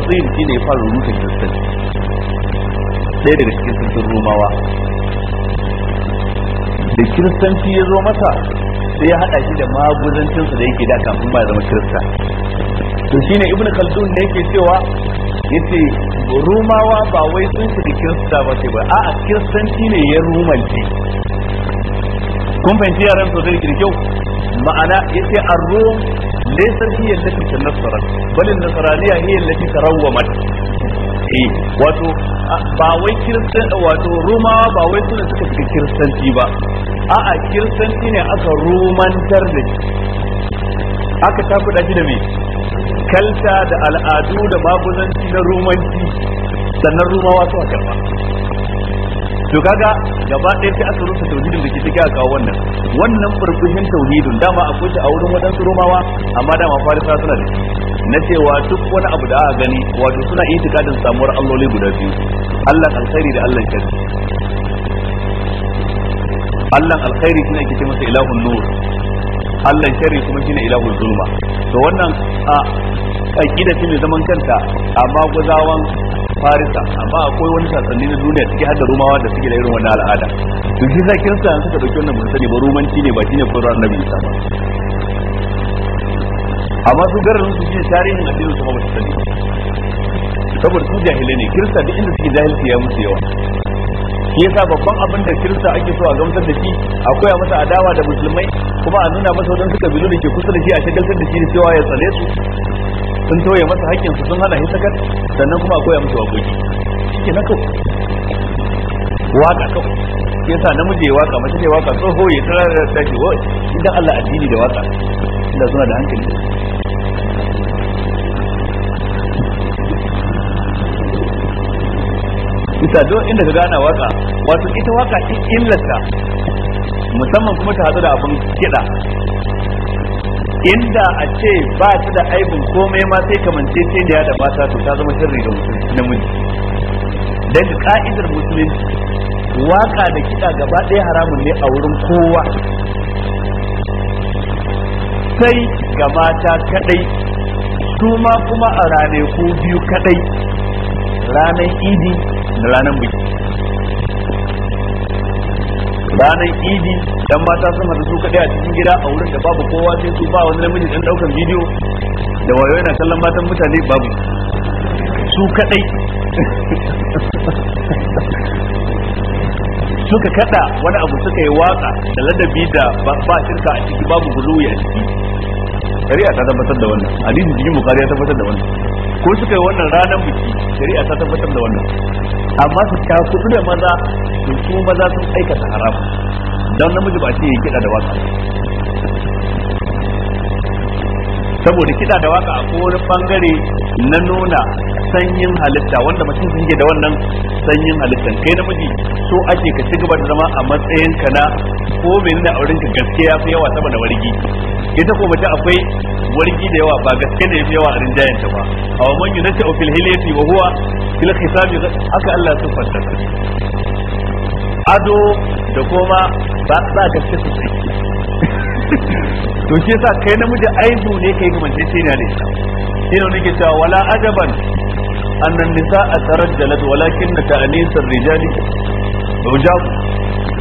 shi ne ya fara rusa kiristanci ɗaya daga cikin sirrin Romawa da kiristanci ya zo masa sai ya haɗa shi da magudancinsa da yake da kafin ba zama kirista to shine ibn khaldun ne yake cewa yace rumawa ba wai sun da kirista ba sai ba a'a kiristanci ne ya rumance. kun fahimci yaran sosai da kyau ma'ana yace ar-rum laysa hiya allati tanassarat bal an-nasraniyya hiya allati tarawwamat e wato ba wai kirsan wato rumawa ba wai suna suka shiga kirsanci ba a'a kirsanci ne aka rumantar da shi aka kuɗa shi da me kalta da al'adu da maguzanci na rumanci sannan rumawa a karɓa to kaga gaba ɗaya sai aka rusa tauhidin da ke a kawo wannan wannan furfushin tauhidin dama akwai shi a wurin waɗansu romawa amma dama farisa suna da na cewa duk wani abu da aka gani wato suna itikadin samuwar alloli guda biyu Allah alkhairi da Allah shari Allah alkhairi shine ake ce masa ilahun nur Allah shari kuma shine ilahun zulma to wannan a aqida ce mai zaman kanta amma guzawan farisa amma akwai wani sasanni na duniya suke hada rumawa da suke da irin wannan al'ada to shi sa kirista suka dauki wannan mutane ba rumanci ne ba shine furar annabi isa ba amma su garin su shine tarihin addinin su ba su sani saboda su jahilai ne kirista duk inda suke jahilci ya musu yawa shi yasa babban abin da kirista ake so a gamsar da shi akwai a masa adawa da musulmai kuma a nuna masa wajen suka kabilu da ke kusa da shi a shagaltar da shi da cewa ya tsare su sun tauye masa su sun hana shi sakar sannan kuma akwai koya masa waƙoƙi shi na kawai waƙa kawai shi sa namiji ya waƙa mace ya waƙa tsoho ya tara da tashi wai idan Allah addini da waƙa da suna da hankali Ita don inda ka gana waka wato ita waka ce illarta musamman kuma ta hadu da abin kiɗa inda a ce ba ta da aibin komai ma sai kamance ce da ya da mata to ta zama sirri ga namiji dan ka'idar musulunci waka da kiɗa gaba ɗaya haramun ne a wurin kowa sai ga mata kaɗai su ma kuma a ranaku biyu kaɗai ranar idi da ranar biki ranar idi dan mata sun haɗu su kaɗai a cikin gida a wurin da babu kowa sai su ba wani namiji dan ɗaukar bidiyo da wayo yana kallon matan mutane babu su kaɗai (laughs) suka kada wani abu suka yi waka da ladabi da ba shirka a ciki babu guluwi a ciki shari'a ta tabbatar da wannan hadisi cikin bukari ya tabbatar da wannan ko suka yi wannan ranar biki shari'a ta tabbatar da wannan amma su ka kudu da maza su su maza sun aikata haram don namiji ba shi ya kiɗa da waka saboda kiɗa da waka a kowane bangare na nuna sanyin halitta wanda mutum yake da wannan sanyin halittan kai na miji so ake ka ci gaba da zama a matsayin ka na ko menene auren ka gaske ya fi yawa sama da wargi ita ko mace akwai wargi da yawa ba gaske ne fi yawa a rinjayen ta ba A aw man yunata ofil hilati wa huwa fil hisabi haka Allah ya sufanta ado da kuma ba za ka ci sosai to ke sa kai namiji aibu ne kai kamance shi ne da ita ina ke cewa wala ajaban annan tsarar jalad walakin ta'anisar rijali ku.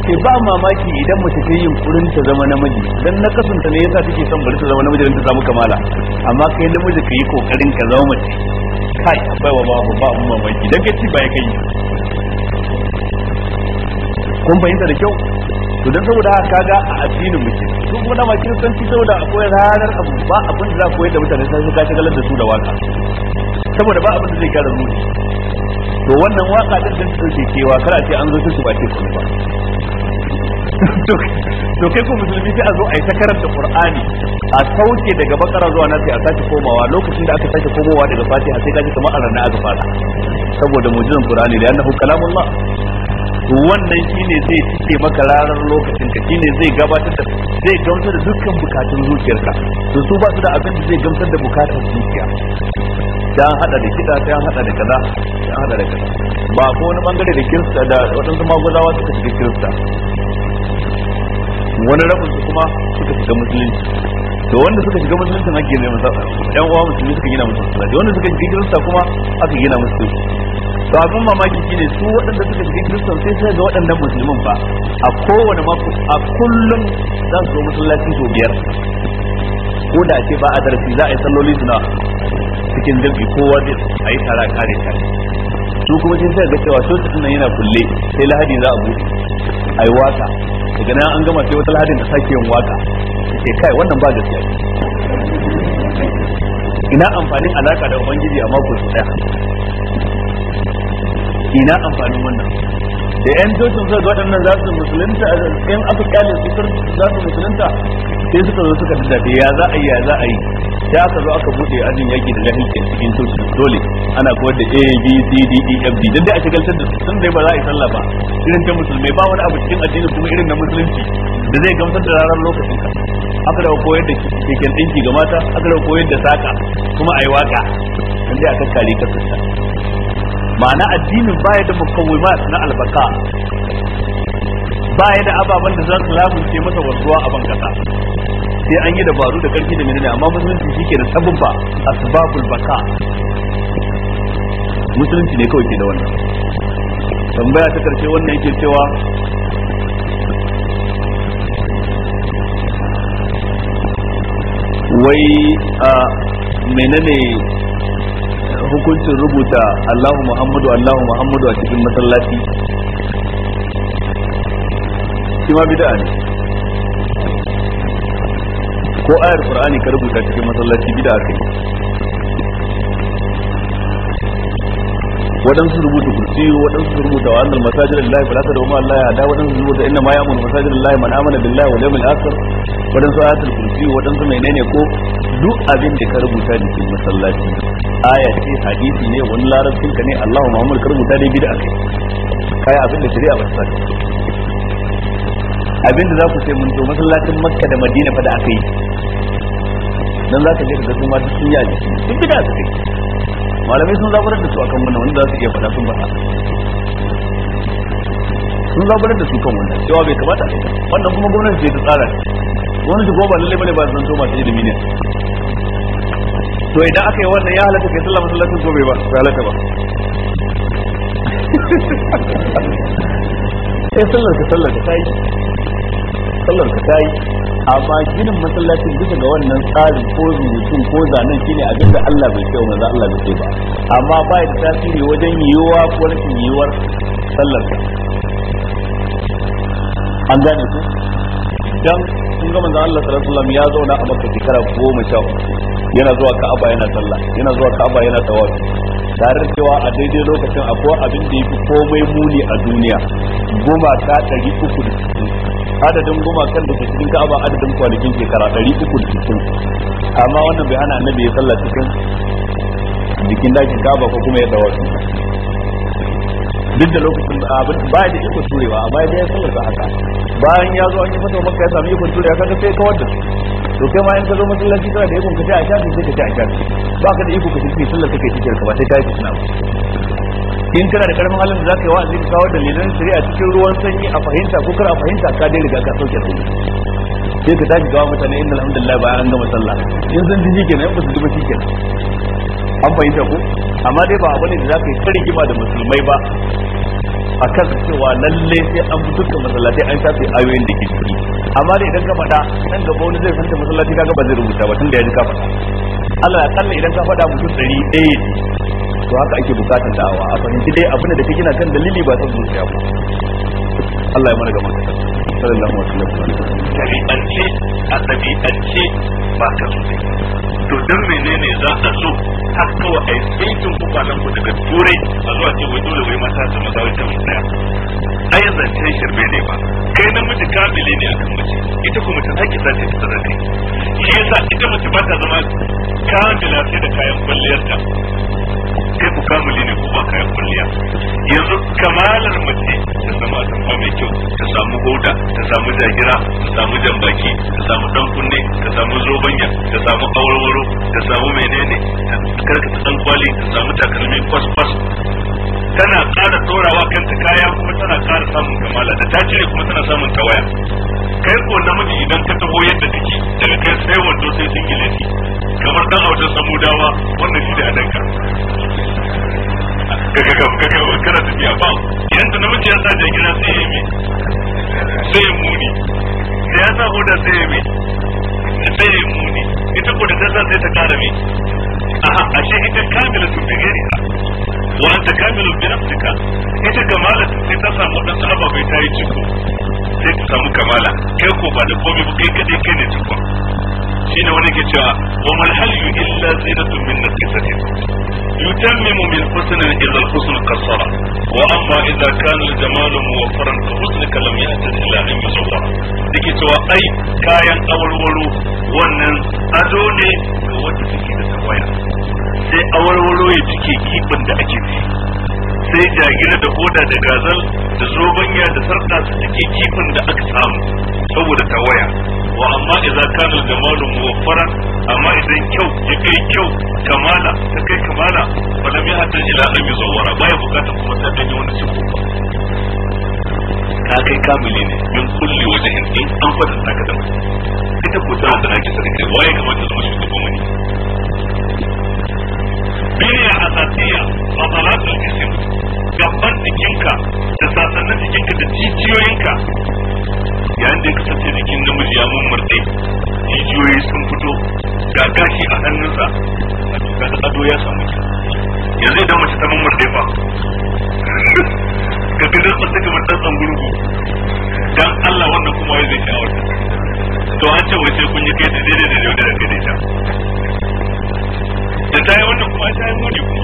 ke ba mamaki idan mace ta yin kurin ta zama namiji dan na kasanta ne yasa take son bari ta zama namiji dan ta samu kamala amma kai namiji ka yi kokarin ka zama mace kai bai wa babu ba mu mamaki dan kai ci ba kai kun fahimta da kyau to dan saboda haka kaga a addinin muke su kuma na makin san ci saboda akwai ranar abu ba abin da za ku yadda mutane sai su kace galar da su da waka saboda ba abin da zai kara zuci to wannan waka din da take kewa kar a ce an zo su ba ce kuma ba to kai ko musulmi sai a zo a yi ta karanta qur'ani a sauke daga bakara zuwa nasi a sake komawa lokacin da aka sake komowa daga fatiha sai kaji kamar a aka fara saboda mujizan qur'ani da annahu kalamullah to wannan shine zai cike maka ranar lokacin ka shine zai gabatar da zai gamsar da dukkan bukatun zuciyarka to su ba su da abin da zai gamsar da bukatun zuciya ta hada da kida ta hada da kaza ta hada da kaza ba ko wani bangare da kirista da wadansu maguzawa suka shiga kirista wani rabin su kuma suka shiga musulunci to wanda suka shiga musulunci ake ne masa yan uwa musulmi suka gina musulunci da wanda suka shiga kirista kuma aka gina musulunci to abin mamaki shine su waɗanda suka shiga kristan sai sai ga waɗannan musulmin ba a kowane mako a kullum za su zo masallaci sau biyar ko da ake ba a darasi za a yi salloli suna cikin jirgi ko zai a yi tara kare ta su kuma sai sai ga cewa su su yana kulle sai lahadi za a buɗe a yi waka daga nan an gama sai wata lahadin da sake yin waka ke kai wannan ba gaskiya ina amfanin alaka da ubangiji a mako su daya ina amfanin wannan da yan cocin suka waɗannan za su musulunta in aka kyale su za su musulunta sai suka zo suka daddabe ya za a yi ya za a yi sai aka zo aka bude ajin yaki da jahilci cikin cocin dole ana koyar da a b c d e f d duk da a shigaltar da su tun dai ba za a yi sallah ba irin ta musulmai ba wani abu cikin addini kuma irin na musulunci da zai gamsar da ranar lokacin ka aka dawo koyar da keken ɗinki ga mata aka dawo koyar da saka kuma a yi waka inda aka kare kasarta ma'ana addinin baya da mukawwimat na albaka baya da ababen da za su lamunce masa wasuwa a bankasa sai an yi dabaru da karfi da menene amma musulunci shike da sabon ba asbabul baka musulunci ne kawai ke da wannan tambaya ta karshe wannan yake cewa wai a menene hukuncin rubuta Allahu Muhammadu Allahu Muhammadu a cikin masallaci shi ma bid'a ne ko ayar Qur'ani ka rubuta cikin masallaci bid'a kai waɗansu rubuta kursi waɗansu rubuta wa annal masajid lillahi fala tadu ma Allah ya da waɗansu rubuta inna ma ya'muru masajid lillahi man amana billahi wal yawmil akhir waɗansu ayatul kursi waɗansu menene ko duk abin da ka rubuta cikin masallaci aya ce hadisi ne wani larabcin ka ne Allahu Muhammad ka rubuta da bid'a kai kai abin da shari'a ba ta abin da za ku ce mun to masallacin Makka da Madina fa da aka yi dan za ka je ka ga kuma duk sun ji, duk bid'a kai malamai sun zaburar da su akan wannan wanda za su iya faɗa sun ba sun zaburar da su kan wannan cewa bai kamata a wannan kuma gwamnati ce ta tsara wani shi ba lalle bane ba zan to masu ilimi ne to idan aka yi wannan ya halatta kai sallah masallacin gobe ba ya halatta ba sai (laughs) sallar ka sallar ka tayi sallar ka tayi amma ginin masallacin bisa ga wannan tsarin ko rubutun ko zanen shine abin da Allah bai ce maza Allah bai ce ba amma bai da tasiri wajen yiwuwa ko rashin yiwuwar sallar ka an gane ku dan kun ga manzo Allah sallallahu alaihi wasallam ya zauna a Makka shekara goma sha yana zuwa Ka'aba yana sallah yana zuwa Ka'aba yana tawafi tare cewa a daidai lokacin akwai abin da yafi komai muni a duniya goma ta ɗari uku da cikin adadin goma kan da ke cikin Ka'aba adadin kwanakin shekara ɗari uku da cikin amma wannan bai hana annabi ya sallah cikin jikin dakin Ka'aba ko kuma ya tawafi duk da lokacin da abin ba da iko turewa amma ya ya sallar da haka bayan ya zo an yi fata maka ya sami iko turewa kaga sai kawar da su to kai ma in ka zo masallaci kana da ikon ka ci a shafi sai ka ci a shafi ba ka da iko ka ci sallar kake cikin ka ba sai ka yi fitina in kana da karfin halin da za ka yi wa'azi ka kawo dalilan shari'a cikin ruwan sanyi a fahimta ko kar a fahimta ka dai riga ka sauke su sai ka tashi gawa mutane inna alhamdulillah bayan an gama sallah in sun ji kenan in ba su ji ba kenan an fahimta ku amma dai ba abu ne da za ka yi ta rigima da musulmai ba a kan cewa lalle sai an bi dukkan masallatai an shafe ayoyin da ke ciki amma dai idan ka faɗa nan gaba wani zai fanta masallaci kaga ba zai rubuta ba tunda ya ji ka faɗa Allah ya kalla idan ka faɗa mutum ɗari ɗaya to haka ake bukatar da'awa a fahimci dai abin da kake gina kan dalili ba san zuciya ba Allah ya mana gaban kasar sallallahu alaihi wasallam tabi'ance a tabi'ance ba ka so to dan menene za ka so har kawai a yi saitin kwanan ku daga turai a zuwa ce wai dole wai mata su maza wai tafi daya ai zance shirme ne ba kai namiji kamile ne akan mace ita kuma mutum haƙi zance ta tsara kai shi yasa ita mace ba ta zama kamila sai da kayan kwalliyarta sai ku kamuli ne ko ba kayan kulliya yanzu kamalar mace ta zama a tamfa mai kyau ta samu hoda ta samu jagira ta samu jambaki ta samu dan kunne ta samu zobanya ta samu awarwaro ta samu menene ta karkata dan kwali ta samu takalmi kwas kwas tana kara tsorawa kanta kaya kuma tana ƙara samun kamala da ta cire kuma tana samun tawaya kai ko namiji idan ka taho yadda take daga kai sai wando sai singileti kamar dan samu samudawa wannan shi da adanka kana tafiya ba idan da namiji ya sa jirgin sai ya yi sai ya muni da ya sa hoda sai ya yi sai ya muni ita ko da ta sa sai ta kara mai aha ashe ita kamila su bi gari ta wa ta kamila bi nafsika ita kamala sai ta samu dan sahaba bai yi ciko sai ta samu kamala kai ko ba da komai ba kai kadai kai ne cikon shine wani ke cewa wa mal halyu illa zinatun min naqisatin yutammimu min husnin idza al husn qassara wa amma idza kana al jamalu muwaffaran fa husnuka lam ya'tad illa an yusawwa dake cewa ai kayan awarwaro wannan ado ne ga wata take da tawaya sai awarwaro ya cike kibin da ake bi. sai jagira da koda da gazal da zobanya da sarka su take kifin da aka samu saboda tawaya wa amma idan kana jamalu muwaffara amma idan kyau ya kai kyau kamala ta kai kamala fa lam yahta ila an yuzawwara baya bukatar kuma ta danyi wani cikin ka kai kamili ne min kulli wajhin in an fada ta kadan ita ko ta da nake sarki waye kamata zama shugaban wani duniya a biniya asasiya fadalatul jism gaban jikinka da sasannin jikinka da jijiyoyinka yayin da ya kasance jikin namiji ya mummurɗe jijiyoyi sun fito ga gashi a hannunsa a cikin da ado ya samu ki yanzu idan mace ta mummurɗe ba ka ga dan mace kamar dan tsangurgu dan Allah wannan kuma ya zai sha'awar to an ce wace kun yi kai da daidai da yau da kai da ita da ta yi wannan kuma ta yi muni kuma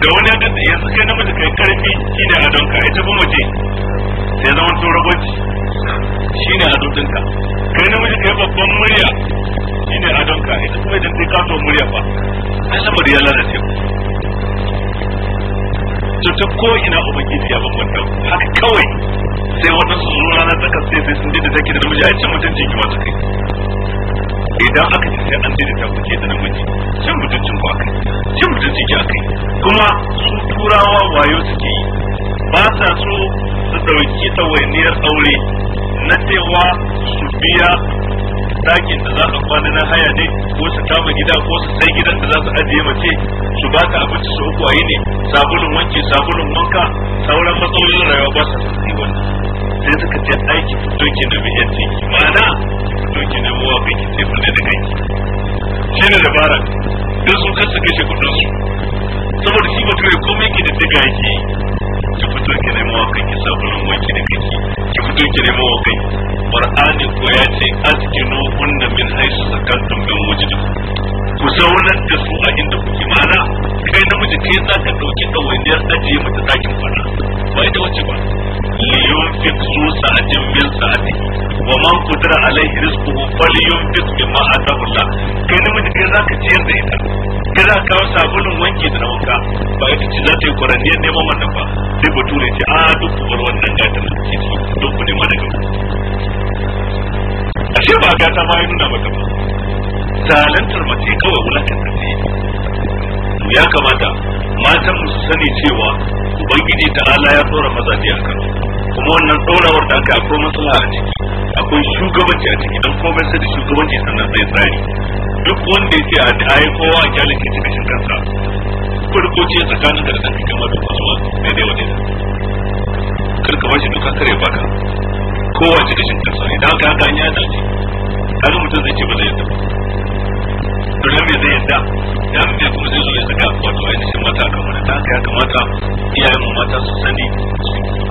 da wani ya gasa yanzu kai namiji kai karfi shi ne a donka ita kuma ce sai zama to ragoci shi ne a dotinka kai namiji kai babban murya shi ne a donka ita kuma idan sai kaso murya ba yalla da ce to ta ko ina ubangiji ya bambanta haka kawai sai waɗansu su zo ranar tsakar sai sai sun daidaita ki da namiji a can mutunci ki masu kai idan aka ce sai an daidaita ku ke da namiji cin mutuncin ku akai cin mutunci ki akai kuma su turawa wayo suke yi ba sa so su ɗauki ɗawainiyar aure na cewa su biya ɗakin da za a kwana na haya ne ko su kama gida ko su sai gidan da za su ajiye mace su ba ka abinci su uku ayi ne sabulun wanke sabulun wanka sauran matsalolin rayuwa ba su sai wannan sai suka ce aiki fito ki nemi yanci ma'ana fito ki na wa kai ki tefa ne da kai shi ne dabara duk sun kasa kashe kudin saboda shi mutum ya komai ke da diga yake ki fito ki nemo wa kanki sabulun wanki da kake ki fito ki nemo wa kanki qur'ani ko ya ce azkinu kunna min haisu sakantum min wujdikum ku zaunar da su a inda kuke mana kai namiji kai za ka dauki ɗawainiyar ajiye mata ɗakin fara ba ita wace ba liyunfik zu sa'atin min sa'ati wa man qadara alaihi rizquhu falyunfik mimma atahu Allah kai ne mutum kai zaka ciyar da ita kai zaka kawo sabulun wanke da wanka ba ita ce za ta yi kwaraniyar neman wannan ba sai bature ce a ah, duk kubar wannan gata na ciki duk ku nema daga ashe ba gata ma ya nuna maka ba zalantar mace kawai wulakan ta yi. mu ya kamata matan musu su sani cewa ubangiji ala ya tsora mazaje a kan kuma wannan tsorawar da aka akwai maslaha a ciki akwai shugabanci a ciki don komai sai da shugabanci sannan sai tsari duk wanda ya ce a da ai kowa a kyalin ke cikin kansa farko ce tsakanin da ɗan kake mafi kwasuwa mai da wani karka bashi duka kare baka kowa cikin kansa idan aka haka an yi adalci kaga mutum zai ce ba zai yadda ba to me zai yadda dan me kuma zai zo ya saka wato ainihin mata kan wani ta ya kamata iyayen mata su sani su